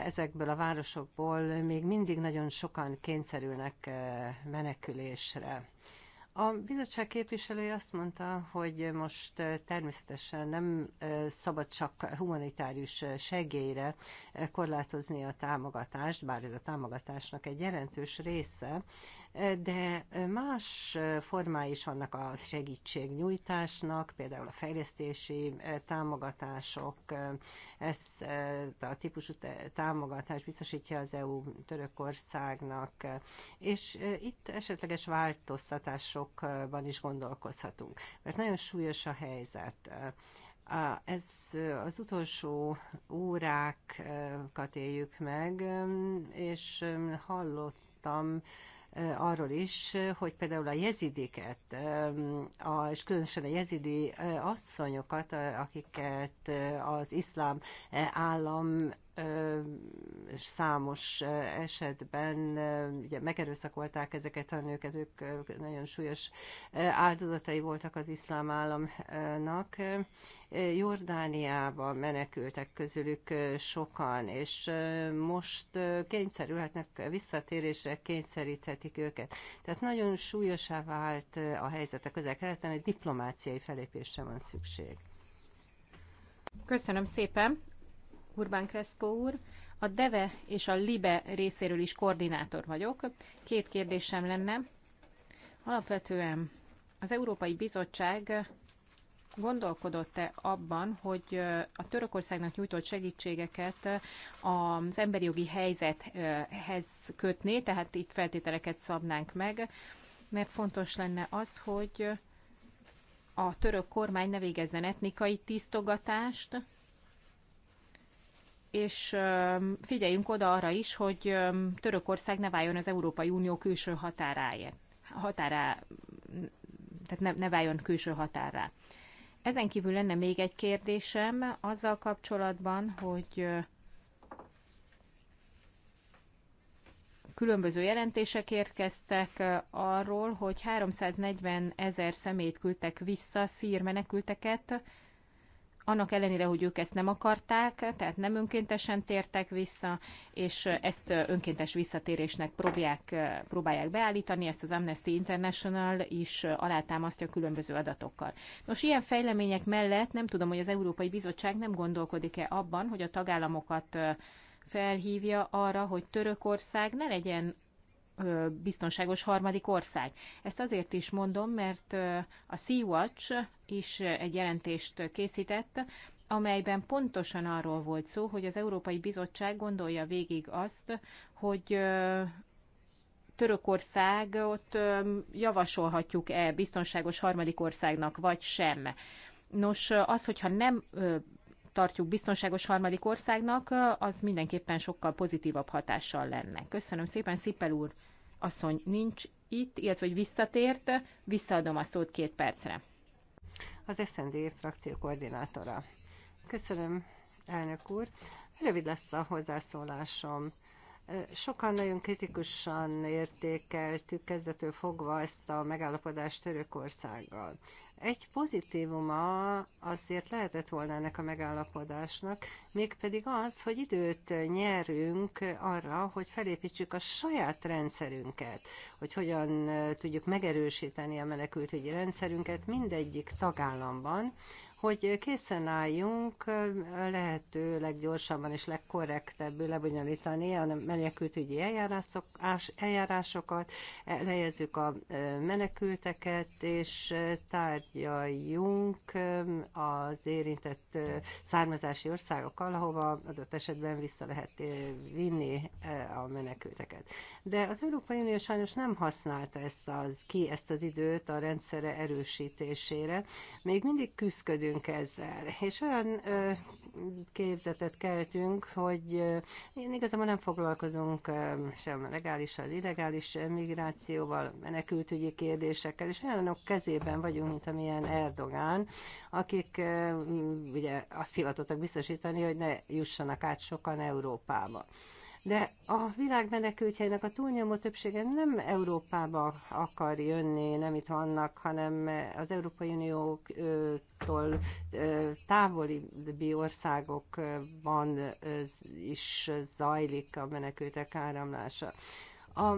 ezekből a városokból még mindig nagyon sokan kényszerülnek e, menekülésre. A bizottság képviselője azt mondta, hogy most természetesen nem szabad csak humanitárius segélyre korlátozni a támogatást, bár ez a támogatásnak egy jelentős része, de más formái is vannak a segítségnyújtásnak, például a fejlesztési eh, támogatások, eh, ezt eh, a típusú támogatás biztosítja az EU Törökországnak, és itt esetleges változtatásokban is gondolkozhatunk, mert nagyon súlyos a helyzet. A, ez az utolsó órákat éljük meg, és hallottam arról is, hogy például a jezidiket, és különösen a jezidi asszonyokat, akiket az iszlám állam és számos esetben ugye megerőszakolták ezeket a nőket, ők nagyon súlyos áldozatai voltak az iszlám államnak. Jordániába menekültek közülük sokan, és most kényszerülhetnek visszatérésre, kényszeríthetik őket. Tehát nagyon súlyosá vált a helyzet a közel egy diplomáciai felépésre van szükség. Köszönöm szépen. Urbán Crespo úr. A DEVE és a LIBE részéről is koordinátor vagyok. Két kérdésem lenne. Alapvetően az Európai Bizottság gondolkodott-e abban, hogy a Törökországnak nyújtott segítségeket az emberi jogi helyzethez kötné, tehát itt feltételeket szabnánk meg, mert fontos lenne az, hogy a török kormány ne végezzen etnikai tisztogatást, és figyeljünk oda arra is, hogy Törökország ne váljon az Európai Unió külső határája, határá, tehát ne, ne váljon külső határá. Ezen kívül lenne még egy kérdésem azzal kapcsolatban, hogy különböző jelentések érkeztek arról, hogy 340 ezer szemét küldtek vissza, szír menekülteket annak ellenére, hogy ők ezt nem akarták, tehát nem önkéntesen tértek vissza, és ezt önkéntes visszatérésnek próbálják, próbálják beállítani, ezt az Amnesty International is alátámasztja különböző adatokkal. Nos, ilyen fejlemények mellett nem tudom, hogy az Európai Bizottság nem gondolkodik-e abban, hogy a tagállamokat felhívja arra, hogy Törökország ne legyen biztonságos harmadik ország. Ezt azért is mondom, mert a Sea-Watch is egy jelentést készített, amelyben pontosan arról volt szó, hogy az Európai Bizottság gondolja végig azt, hogy Törökországot javasolhatjuk-e biztonságos harmadik országnak, vagy sem. Nos, az, hogyha nem tartjuk biztonságos harmadik országnak, az mindenképpen sokkal pozitívabb hatással lenne. Köszönöm szépen, Szipel úr! asszony nincs itt, illetve hogy visszatért, visszaadom a szót két percre. Az SZND frakció koordinátora. Köszönöm, elnök úr. Rövid lesz a hozzászólásom. Sokan nagyon kritikusan értékeltük kezdetől fogva ezt a megállapodást Törökországgal. Egy pozitívuma azért lehetett volna ennek a megállapodásnak, mégpedig az, hogy időt nyerünk arra, hogy felépítsük a saját rendszerünket, hogy hogyan eh, tudjuk megerősíteni a menekültügyi rendszerünket mindegyik tagállamban, hogy készen álljunk lehető leggyorsabban és legkorrektebbül lebonyolítani a menekültügyi eljárások, eljárásokat, lejezzük a menekülteket, és tárgyaljunk az érintett származási országokkal, ahova adott esetben vissza lehet vinni a menekülteket. De az Európai Unió sajnos nem használta ezt az, ki ezt az időt a rendszere erősítésére. Még mindig küzdködünk élünk ezzel. És olyan ö, képzetet keltünk, hogy ö, én igazából nem foglalkozunk ö, sem legálisan, illegális migrációval, menekültügyi kérdésekkel, és olyanok kezében vagyunk, mint amilyen Erdogán, akik ö, ugye azt hivatottak biztosítani, hogy ne jussanak át sokan Európába de a világ menekültjeinek a túlnyomó többsége nem Európába akar jönni, nem itt vannak, hanem az Európai Uniótól távolibbi országokban is zajlik a menekültek áramlása. A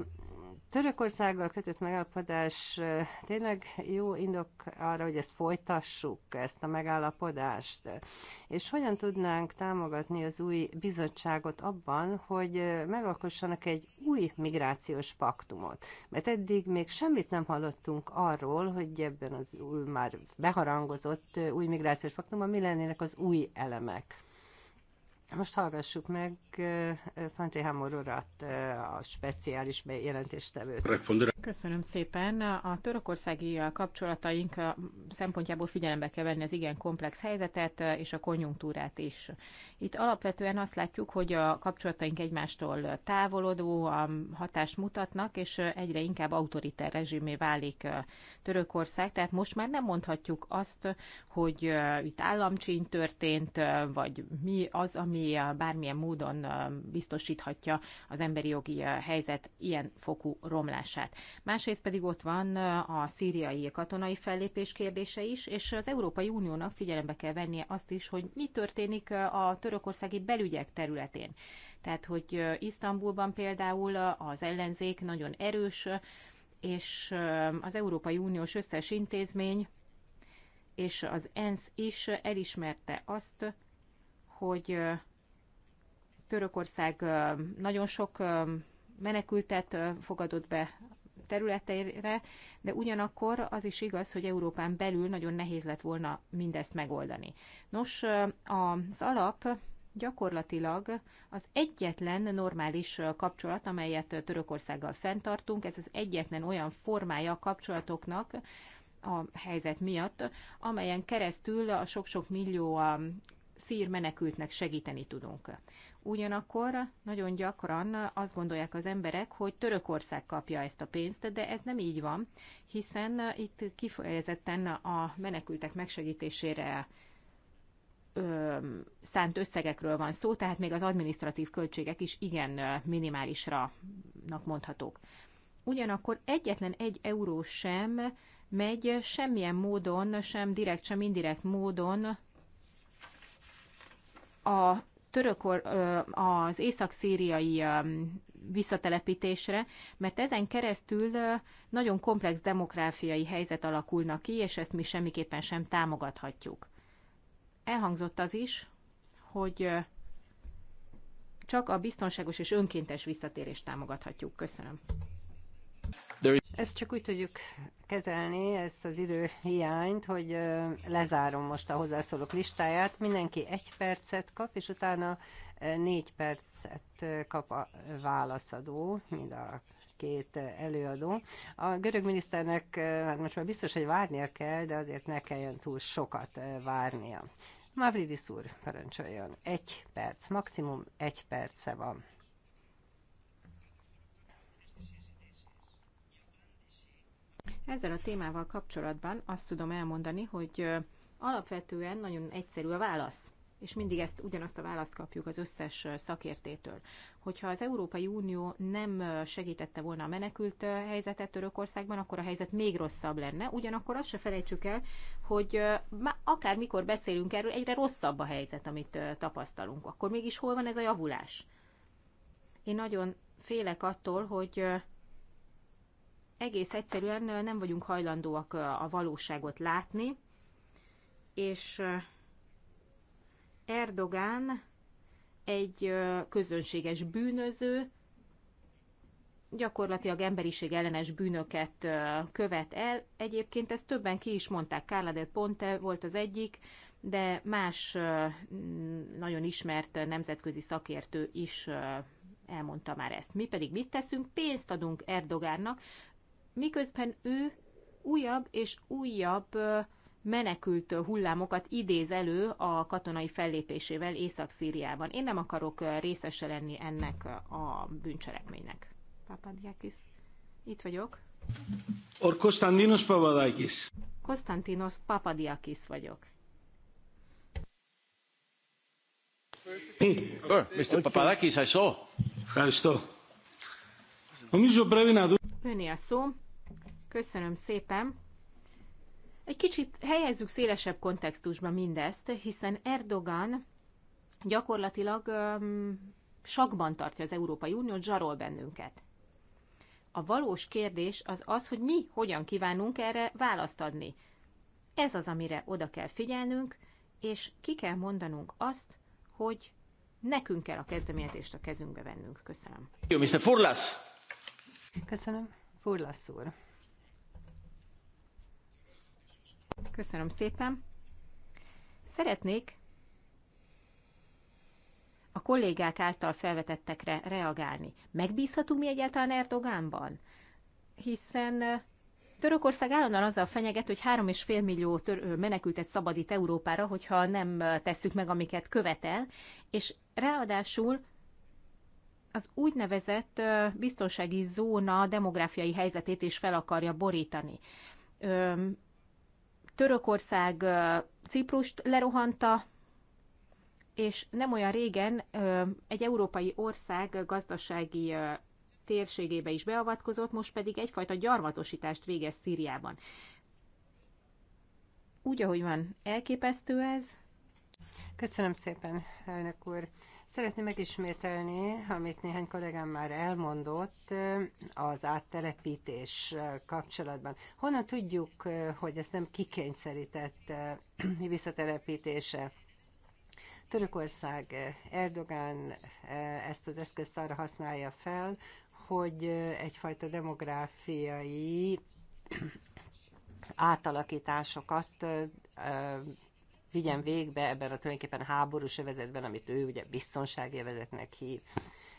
Törökországgal kötött megállapodás tényleg jó indok arra, hogy ezt folytassuk, ezt a megállapodást, és hogyan tudnánk támogatni az új bizottságot abban, hogy megalkossanak egy új migrációs paktumot. Mert eddig még semmit nem hallottunk arról, hogy ebben az új, már beharangozott új migrációs paktumban mi lennének az új elemek. Most hallgassuk meg Fanti Hamor urat, a speciális jelentéstevőt. Köszönöm szépen. A törökországi kapcsolataink szempontjából figyelembe kell venni az igen komplex helyzetet és a konjunktúrát is. Itt alapvetően azt látjuk, hogy a kapcsolataink egymástól távolodó a hatást mutatnak, és egyre inkább autoriter rezsimé válik Törökország. Tehát most már nem mondhatjuk azt, hogy itt államcsíny történt, vagy mi az, ami ami bármilyen módon biztosíthatja az emberi jogi helyzet ilyen fokú romlását. Másrészt pedig ott van a szíriai katonai fellépés kérdése is, és az Európai Uniónak figyelembe kell vennie azt is, hogy mi történik a törökországi belügyek területén. Tehát, hogy Isztambulban például az ellenzék nagyon erős, és az Európai Uniós összes intézmény és az ENSZ is elismerte azt, hogy Törökország nagyon sok menekültet fogadott be területeire, de ugyanakkor az is igaz, hogy Európán belül nagyon nehéz lett volna mindezt megoldani. Nos, az alap gyakorlatilag az egyetlen normális kapcsolat, amelyet Törökországgal fenntartunk, ez az egyetlen olyan formája a kapcsolatoknak, a helyzet miatt, amelyen keresztül a sok-sok millió szír menekültnek segíteni tudunk. Ugyanakkor nagyon gyakran azt gondolják az emberek, hogy Törökország kapja ezt a pénzt, de ez nem így van, hiszen itt kifejezetten a menekültek megsegítésére ö, szánt összegekről van szó, tehát még az administratív költségek is igen minimálisra mondhatók. Ugyanakkor egyetlen egy euró sem megy semmilyen módon, sem direkt, sem indirekt módon a törökor, az észak-szíriai visszatelepítésre, mert ezen keresztül nagyon komplex demográfiai helyzet alakulnak ki, és ezt mi semmiképpen sem támogathatjuk. Elhangzott az is, hogy csak a biztonságos és önkéntes visszatérést támogathatjuk. Köszönöm. Ezt csak úgy tudjuk kezelni, ezt az idő hiányt, hogy lezárom most a hozzászólók listáját. Mindenki egy percet kap, és utána négy percet kap a válaszadó, mind a két előadó. A görög miniszternek, hát most már biztos, hogy várnia kell, de azért ne kelljen túl sokat várnia. Mavridis úr, parancsoljon. Egy perc, maximum egy perce van. Ezzel a témával kapcsolatban azt tudom elmondani, hogy alapvetően nagyon egyszerű a válasz és mindig ezt ugyanazt a választ kapjuk az összes szakértétől. Hogyha az Európai Unió nem segítette volna a menekült helyzetet Törökországban, akkor a helyzet még rosszabb lenne. Ugyanakkor azt se felejtsük el, hogy akármikor beszélünk erről, egyre rosszabb a helyzet, amit tapasztalunk. Akkor mégis hol van ez a javulás? Én nagyon félek attól, hogy egész egyszerűen nem vagyunk hajlandóak a valóságot látni, és Erdogán egy közönséges bűnöző, gyakorlatilag emberiség ellenes bűnöket követ el. Egyébként ezt többen ki is mondták, Carla del Ponte volt az egyik, de más nagyon ismert nemzetközi szakértő is elmondta már ezt. Mi pedig mit teszünk? Pénzt adunk Erdogánnak, miközben ő újabb és újabb menekült hullámokat idéz elő a katonai fellépésével Észak-Szíriában. Én nem akarok részese lenni ennek a bűncselekménynek. Papadiakis, itt vagyok. Or Konstantinos Papadiakis. Konstantinos Papadiakis vagyok. Oh, Mr. Papadakis, I saw. Ευχαριστώ. Νομίζω a szó. Köszönöm szépen. Egy kicsit helyezzük szélesebb kontextusba mindezt, hiszen Erdogan gyakorlatilag öm, sakban tartja az Európai Uniót, zsarol bennünket. A valós kérdés az az, hogy mi hogyan kívánunk erre választ adni. Ez az, amire oda kell figyelnünk, és ki kell mondanunk azt, hogy nekünk kell a kezdeményezést a kezünkbe vennünk. Köszönöm. Jó, Mr. Furlas! Köszönöm. Furlas úr. Köszönöm szépen. Szeretnék a kollégák által felvetettekre reagálni. Megbízhatunk mi egyáltalán Erdogánban? Hiszen Törökország állandóan azzal fenyeget, hogy 3,5 millió tör- menekültet szabadít Európára, hogyha nem tesszük meg, amiket követel, és ráadásul az úgynevezett biztonsági zóna demográfiai helyzetét is fel akarja borítani Törökország Ciprust lerohanta, és nem olyan régen egy európai ország gazdasági térségébe is beavatkozott, most pedig egyfajta gyarmatosítást végez Szíriában. Úgy, ahogy van, elképesztő ez. Köszönöm szépen, elnök úr. Szeretném megismételni, amit néhány kollégám már elmondott eh, az áttelepítés eh, kapcsolatban. Honnan tudjuk, eh, hogy ez nem kikényszerített visszatelepítése? Törökország Erdogán ezt az eszközt arra használja fel, hogy egyfajta demográfiai átalakításokat vigyen végbe ebben a tulajdonképpen háborús övezetben, amit ő ugye biztonsági övezetnek hív.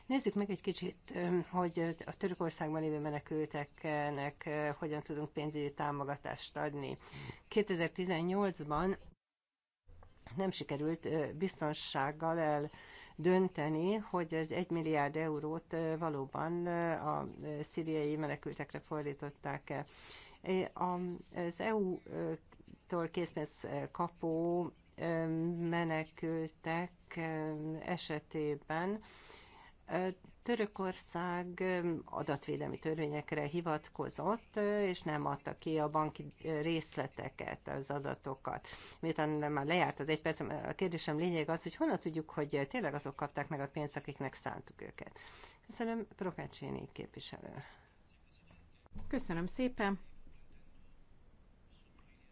Nézzük meg egy kicsit, hogy a Törökországban lévő menekülteknek hogyan tudunk pénzügyi támogatást adni. 2018-ban nem sikerült biztonsággal el dönteni, hogy az 1 milliárd eurót valóban a szíriai menekültekre fordították-e. Az EU tól készpénzt kapó menekültek esetében Törökország adatvédelmi törvényekre hivatkozott, és nem adta ki a banki részleteket, az adatokat. Miután már lejárt az egy perc, a kérdésem lényeg az, hogy honnan tudjuk, hogy tényleg azok kapták meg a pénzt, akiknek szántuk őket. Köszönöm, Prokácséni képviselő. Köszönöm szépen.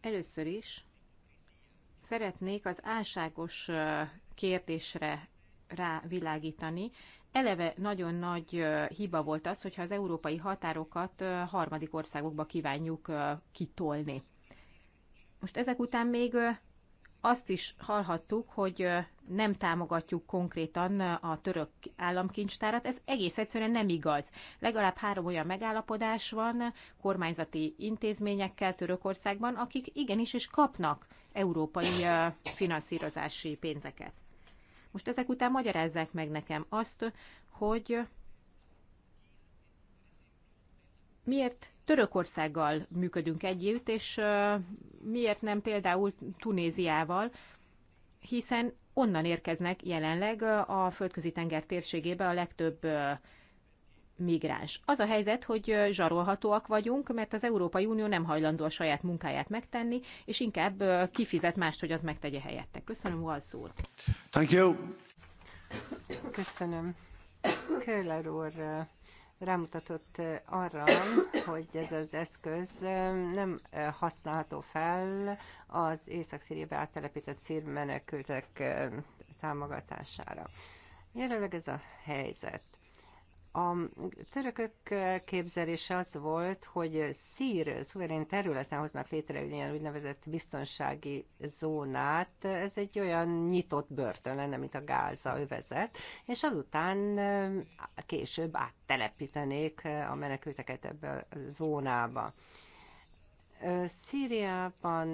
Először is szeretnék az álságos kérdésre rávilágítani. Eleve nagyon nagy hiba volt az, hogyha az európai határokat harmadik országokba kívánjuk kitolni. Most ezek után még azt is hallhattuk, hogy nem támogatjuk konkrétan a török államkincstárat. Ez egész egyszerűen nem igaz. Legalább három olyan megállapodás van kormányzati intézményekkel Törökországban, akik igenis is kapnak európai finanszírozási pénzeket. Most ezek után magyarázzák meg nekem azt, hogy miért Törökországgal működünk együtt, és miért nem például Tunéziával, hiszen onnan érkeznek jelenleg a földközi tenger térségébe a legtöbb migráns. Az a helyzet, hogy zsarolhatóak vagyunk, mert az Európai Unió nem hajlandó a saját munkáját megtenni, és inkább kifizet mást, hogy az megtegye helyette. Köszönöm, Walszót. Thank you. Köszönöm. Köszönöm rámutatott arra, hogy ez az eszköz nem használható fel az Észak-Szíriába áttelepített szír menekültek támogatására. Jelenleg ez a helyzet. A törökök képzelése az volt, hogy szír szuverén területen hoznak létre egy ilyen úgynevezett biztonsági zónát. Ez egy olyan nyitott börtön lenne, mint a Gáza övezet, és azután eh, később áttelepítenék a menekülteket ebbe a zónába. Szíriában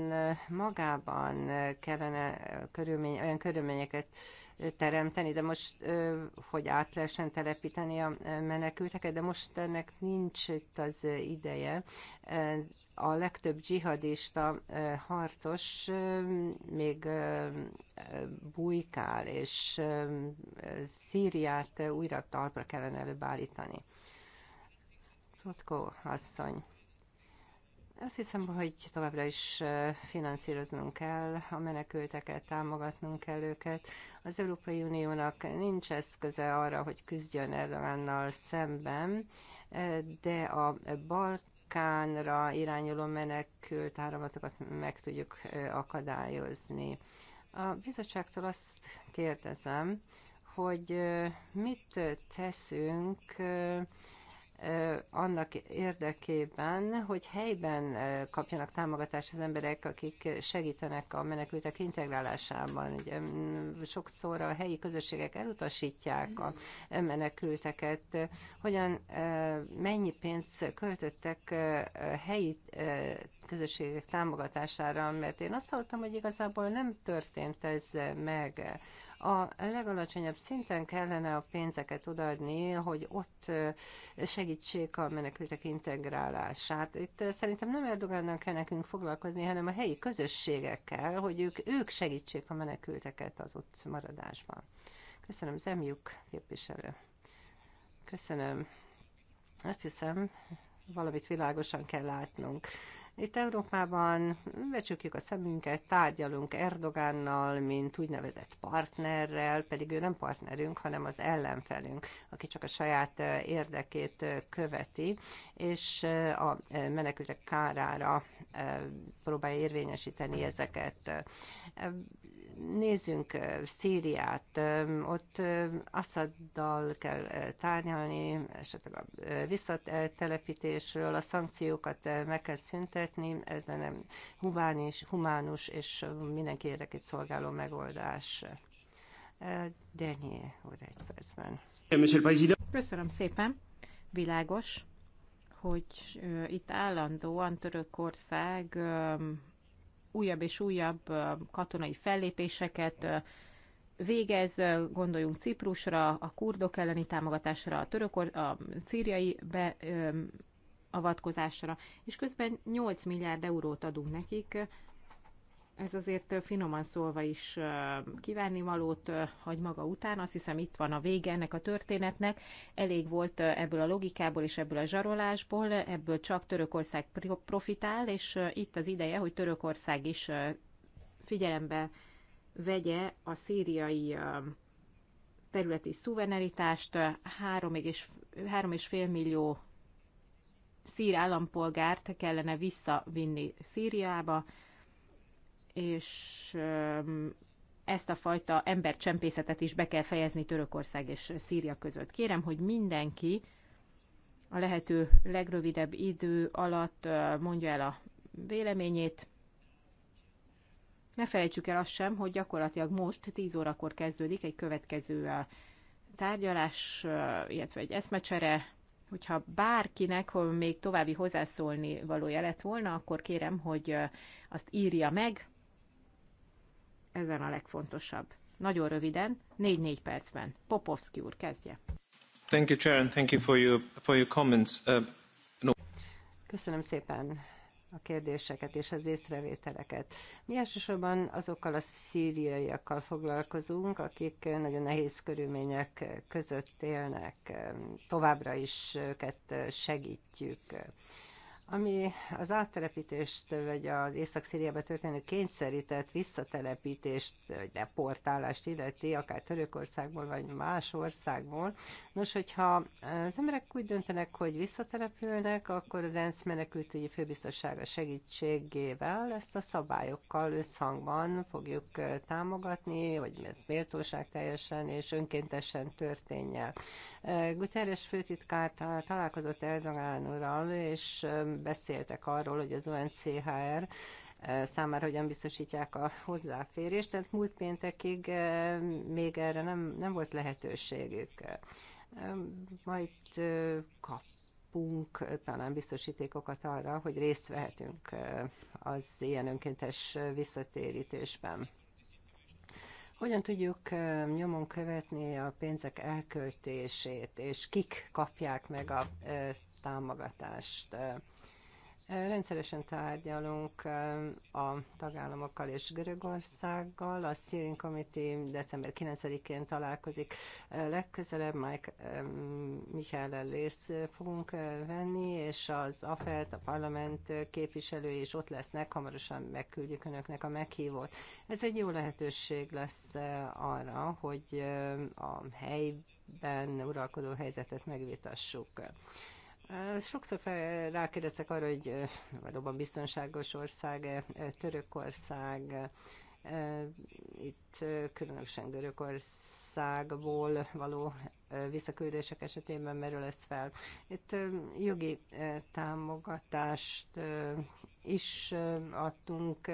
magában kellene körülmény, olyan körülményeket teremteni, de most, hogy át lehessen telepíteni a menekülteket, de most ennek nincs itt az ideje. A legtöbb dzsihadista harcos még bujkál, és Szíriát újra talpra kellene előbb állítani. Totko asszony. Azt hiszem, hogy továbbra is finanszíroznunk kell a menekülteket, támogatnunk kell őket. Az Európai Uniónak nincs eszköze arra, hogy küzdjön Erdogannal szemben, de a Balkánra irányuló menekült áramatokat meg tudjuk akadályozni. A bizottságtól azt kérdezem, hogy mit teszünk annak érdekében, hogy helyben kapjanak támogatást az emberek, akik segítenek a menekültek integrálásában. Ugye, sokszor a helyi közösségek elutasítják a menekülteket. Hogyan, mennyi pénzt költöttek helyi közösségek támogatására, mert én azt hallottam, hogy igazából nem történt ez meg a legalacsonyabb szinten kellene a pénzeket odaadni, hogy ott segítsék a menekültek integrálását. Itt szerintem nem Erdogánnal kell nekünk foglalkozni, hanem a helyi közösségekkel, hogy ők, ők segítsék a menekülteket az ott maradásban. Köszönöm, Zemjuk képviselő. Köszönöm. Azt hiszem, valamit világosan kell látnunk. Itt Európában becsukjuk a szemünket, tárgyalunk Erdogánnal, mint úgynevezett partnerrel, pedig ő nem partnerünk, hanem az ellenfelünk, aki csak a saját érdekét követi, és a menekültek kárára próbálja érvényesíteni ezeket. Nézzünk Szíriát, ott Assaddal kell tárgyalni, esetleg a visszatelepítésről, a szankciókat meg kell szüntetni, ez nem humánis, humánus és mindenki érdekét szolgáló megoldás. Denyi úr egy percben. Köszönöm szépen. Világos, hogy itt állandóan Törökország újabb és újabb katonai fellépéseket végez, gondoljunk Ciprusra, a kurdok elleni támogatásra, a török, a szíriai be, avatkozásra, és közben 8 milliárd eurót adunk nekik ez azért finoman szólva is kívánni valót hagy maga után. Azt hiszem itt van a vége ennek a történetnek. Elég volt ebből a logikából és ebből a zsarolásból, ebből csak Törökország profitál, és itt az ideje, hogy Törökország is figyelembe vegye a szíriai területi szuverenitást. 3,5 millió szír állampolgárt kellene visszavinni Szíriába, és ezt a fajta embercsempészetet is be kell fejezni Törökország és Szíria között. Kérem, hogy mindenki a lehető legrövidebb idő alatt mondja el a véleményét. Ne felejtsük el azt sem, hogy gyakorlatilag most 10 órakor kezdődik egy következő tárgyalás, illetve egy eszmecsere. Hogyha bárkinek még további hozzászólni valója lett volna, akkor kérem, hogy azt írja meg, ezen a legfontosabb. Nagyon röviden, 4-4 percben. Popovski úr, kezdje. Thank you, Chair, and thank you for your, for your comments. Uh, no. Köszönöm szépen a kérdéseket és az észrevételeket. Mi elsősorban azokkal a szíriaiakkal foglalkozunk, akik nagyon nehéz körülmények között élnek, továbbra is őket segítjük. Ami az áttelepítést, vagy az Észak-Szíriába történő kényszerített visszatelepítést, vagy deportálást illeti, akár Törökországból, vagy más országból. Nos, hogyha az emberek úgy döntenek, hogy visszatelepülnek, akkor az ENSZ menekültügyi főbiztossága segítségével ezt a szabályokkal összhangban fogjuk eh, támogatni, hogy ez méltóság teljesen és önkéntesen történjen. Guterres főtitkár találkozott Erdogan ural, és um, beszéltek arról, hogy az UNCHR uh, számára hogyan biztosítják a hozzáférést, tehát múlt péntekig uh, még erre nem, nem volt lehetőségük. Uh, majd kapunk talán biztosítékokat arra, hogy részt vehetünk az ilyen önkéntes visszatérítésben. Hogyan tudjuk nyomon követni a pénzek elköltését, és kik kapják meg a támogatást? Rendszeresen tárgyalunk a tagállamokkal és Görögországgal. A Steering Committee december 9-én találkozik legközelebb. Mike Michael részt fogunk venni, és az AFET, a parlament képviselői is ott lesznek. Hamarosan megküldjük önöknek a meghívót. Ez egy jó lehetőség lesz arra, hogy a helyben uralkodó helyzetet megvitassuk. Sokszor fel, rákérdeztek arra, hogy eh, valóban biztonságos ország, eh, Törökország, eh, itt különösen Görögországból való visszaküldések esetében merül ez fel. Itt jogi támogatást is adtunk.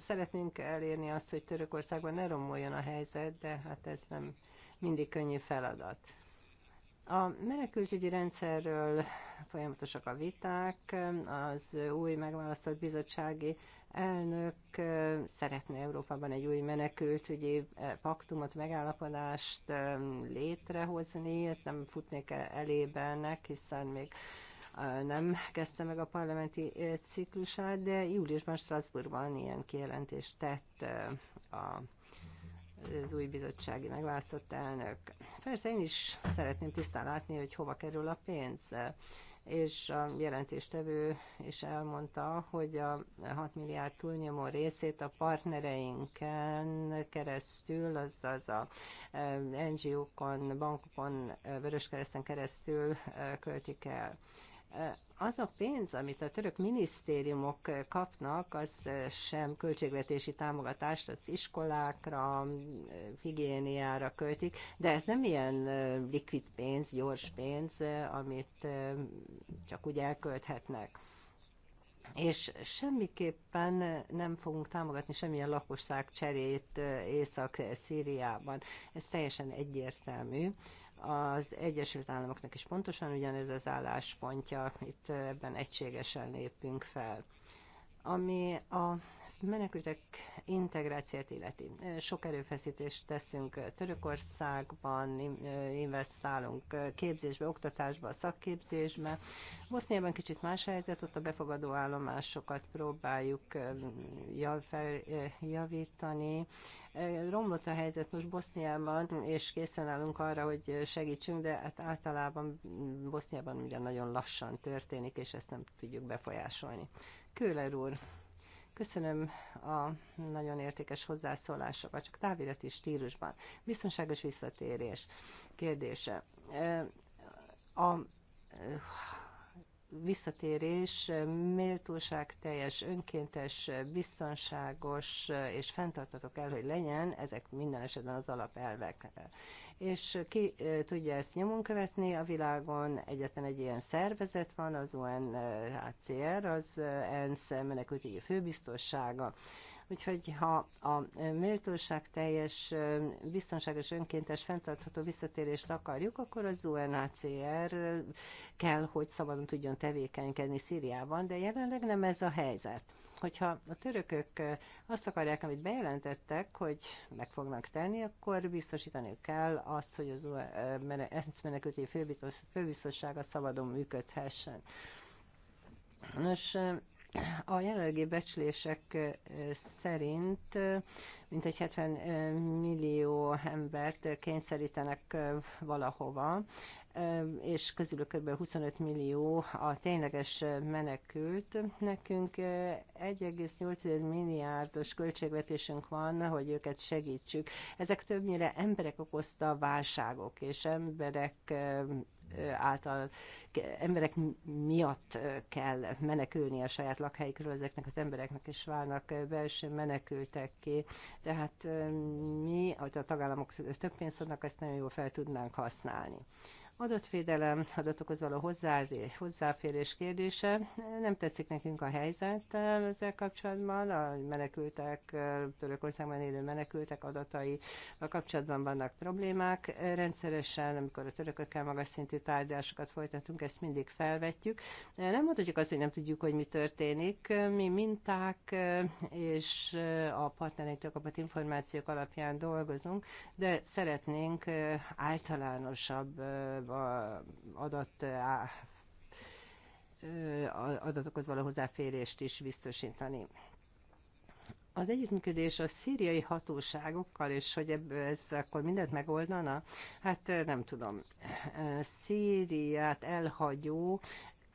Szeretnénk elérni azt, hogy Törökországban ne romoljon a helyzet, de hát ez nem mindig könnyű feladat. A menekültügyi rendszerről folyamatosak a viták, az új megválasztott bizottsági elnök szeretne Európában egy új menekültügyi paktumot, megállapodást létrehozni, ezt nem futnék elébe hiszen még nem kezdte meg a parlamenti ciklusát, de júliusban Strasbourgban ilyen kijelentést tett a az új bizottsági megválasztott elnök. Persze én is szeretném tisztán látni, hogy hova kerül a pénz és a jelentéstevő is elmondta, hogy a 6 milliárd túlnyomó részét a partnereinken keresztül, azaz a e, NGO-kon, bankokon, e, Vöröskereszten keresztül e, költik el az a pénz, amit a török minisztériumok kapnak, az sem költségvetési támogatást az iskolákra, higiéniára költik, de ez nem ilyen likvid pénz, gyors pénz, amit csak úgy elkölthetnek. És semmiképpen nem fogunk támogatni semmilyen lakosság cserét Észak-Szíriában. Ez teljesen egyértelmű. Az Egyesült Államoknak is pontosan ugyanez az álláspontja, itt ebben egységesen lépünk fel. Ami a menekültek integrációt illeti. Sok erőfeszítést teszünk Törökországban, investálunk képzésbe, oktatásba, szakképzésbe. Boszniában kicsit más helyzet, ott a befogadó állomásokat próbáljuk javítani. Romlott a helyzet most Boszniában, és készen állunk arra, hogy segítsünk, de hát általában Boszniában minden nagyon lassan történik, és ezt nem tudjuk befolyásolni. Köhler úr, Köszönöm a nagyon értékes hozzászólásokat, csak távirati stílusban. Biztonságos visszatérés kérdése. A visszatérés méltóság teljes, önkéntes, biztonságos és fenntartatok el, hogy legyen, ezek minden esetben az alapelvek és ki tudja ezt nyomon követni a világon, egyetlen egy ilyen szervezet van, az UNHCR, az ENSZ menekültügyi főbiztossága. Úgyhogy ha a méltóság teljes, biztonságos, önkéntes, fenntartható visszatérést akarjuk, akkor az UNHCR kell, hogy szabadon tudjon tevékenykedni Szíriában, de jelenleg nem ez a helyzet hogyha a törökök azt akarják, amit bejelentettek, hogy meg fognak tenni, akkor biztosítani kell azt, hogy az ENSZ menekülti főbiztossága szabadon működhessen. Nos, a jelenlegi becslések szerint mintegy 70 millió embert kényszerítenek valahova, és közülük kb. 25 millió a tényleges menekült. Nekünk 1,8 milliárdos költségvetésünk van, hogy őket segítsük. Ezek többnyire emberek okozta válságok, és emberek által emberek miatt kell menekülni a saját lakhelyükről, ezeknek az embereknek is válnak belső menekültek ki. Tehát mi, hogy a tagállamok több pénzt adnak, ezt nagyon jól fel tudnánk használni adatvédelem, adatokhoz való hozzáférés, hozzáférés kérdése. Nem tetszik nekünk a helyzet eh, ezzel kapcsolatban. A menekültek, eh, Törökországban élő menekültek adatai a kapcsolatban vannak problémák. Rendszeresen, amikor a törökökkel magas szintű tárgyalásokat folytatunk, ezt mindig felvetjük. Eh, nem mondhatjuk azt, hogy nem tudjuk, hogy mi történik. Mi minták és a partnereinktől kapott információk alapján dolgozunk, de szeretnénk általánosabb adat adatokhoz való hozzáférést is biztosítani. Az együttműködés a szíriai hatóságokkal, és hogy ebből ez akkor mindent megoldana, hát nem tudom. Szíriát elhagyó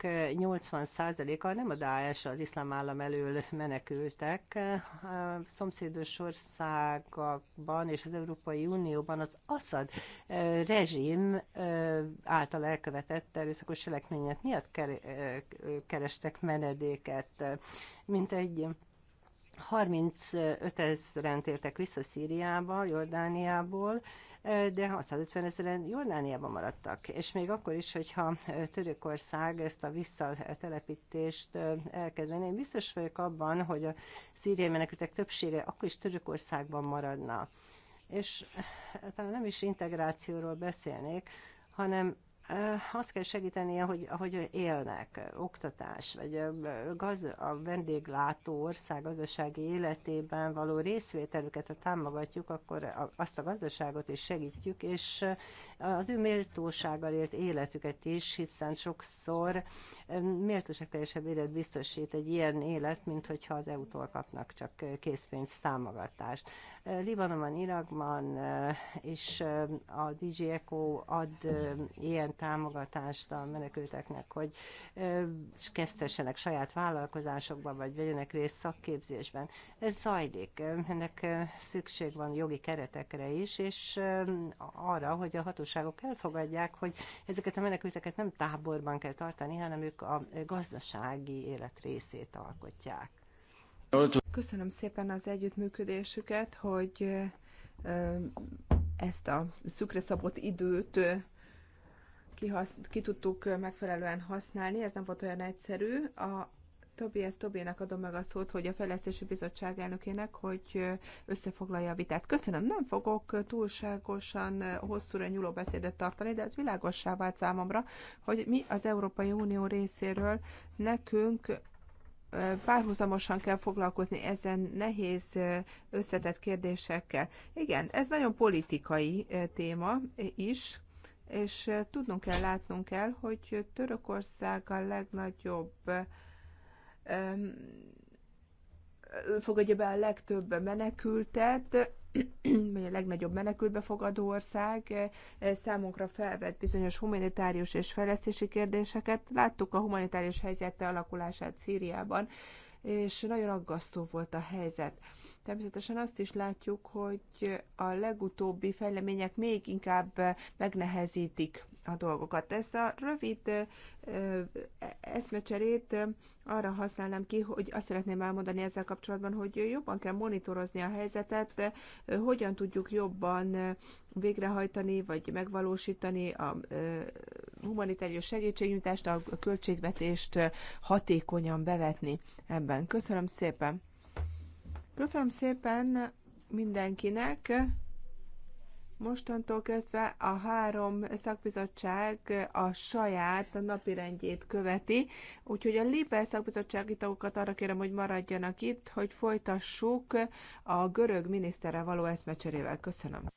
80%-a nem a Daesh, az iszlám állam elől menekültek. A szomszédos országokban és az Európai Unióban az Assad rezsim által elkövetett erőszakos cselekmények miatt kerestek menedéket, mint egy 35 ezeren tértek vissza Szíriába, Jordániából, de 650 ezeren Jordániában maradtak. És még akkor is, hogyha Törökország ezt a visszatelepítést elkezdené, én biztos vagyok abban, hogy a szíriai menekültek többsége akkor is Törökországban maradna. És talán nem is integrációról beszélnék, hanem azt kell segíteni, hogy, hogy élnek, oktatás, vagy gaz, a vendéglátó ország gazdasági életében való részvételüket, ha támogatjuk, akkor azt a gazdaságot is segítjük, és az ő méltósággal élt életüket is, hiszen sokszor méltóság teljesebb élet biztosít egy ilyen élet, mint hogyha az EU-tól kapnak csak készpénz támogatást. Libanonban, Irakban és a DJ Echo ad ilyen támogatást a menekülteknek, hogy kezdhessenek saját vállalkozásokba, vagy vegyenek részt szakképzésben. Ez zajlik. Ennek szükség van jogi keretekre is, és arra, hogy a hatos hatóságok elfogadják, hogy ezeket a menekülteket nem táborban kell tartani, hanem ők a gazdasági élet részét alkotják. Köszönöm szépen az együttműködésüket, hogy ezt a szükre szabott időt ki, hasz, ki tudtuk megfelelően használni, ez nem volt olyan egyszerű. A Tobias Tobénak adom meg a szót, hogy a Fejlesztési Bizottság elnökének, hogy összefoglalja a vitát. Köszönöm, nem fogok túlságosan hosszúra nyúló beszédet tartani, de ez világossá vált számomra, hogy mi az Európai Unió részéről nekünk párhuzamosan kell foglalkozni ezen nehéz összetett kérdésekkel. Igen, ez nagyon politikai téma is, és tudnunk kell, látnunk kell, hogy Törökország a legnagyobb fogadja be a legtöbb menekültet, vagy a legnagyobb menekültbefogadó ország eh, számunkra felvett bizonyos humanitárius és fejlesztési kérdéseket. Láttuk a humanitárius helyzet alakulását Szíriában, és nagyon aggasztó volt a helyzet. Természetesen azt is látjuk, hogy a legutóbbi fejlemények még inkább megnehezítik a dolgokat. Ez a rövid eszmecserét arra használnám ki, hogy azt szeretném elmondani ezzel kapcsolatban, hogy jobban kell monitorozni a helyzetet, hogyan tudjuk jobban végrehajtani vagy megvalósítani a humanitárius segítségnyújtást, a költségvetést hatékonyan bevetni ebben. Köszönöm szépen! Köszönöm szépen mindenkinek! Mostantól kezdve a három szakbizottság a saját napirendjét követi, úgyhogy a LIBE szakbizottsági tagokat arra kérem, hogy maradjanak itt, hogy folytassuk a görög miniszterrel való eszmecserével. Köszönöm.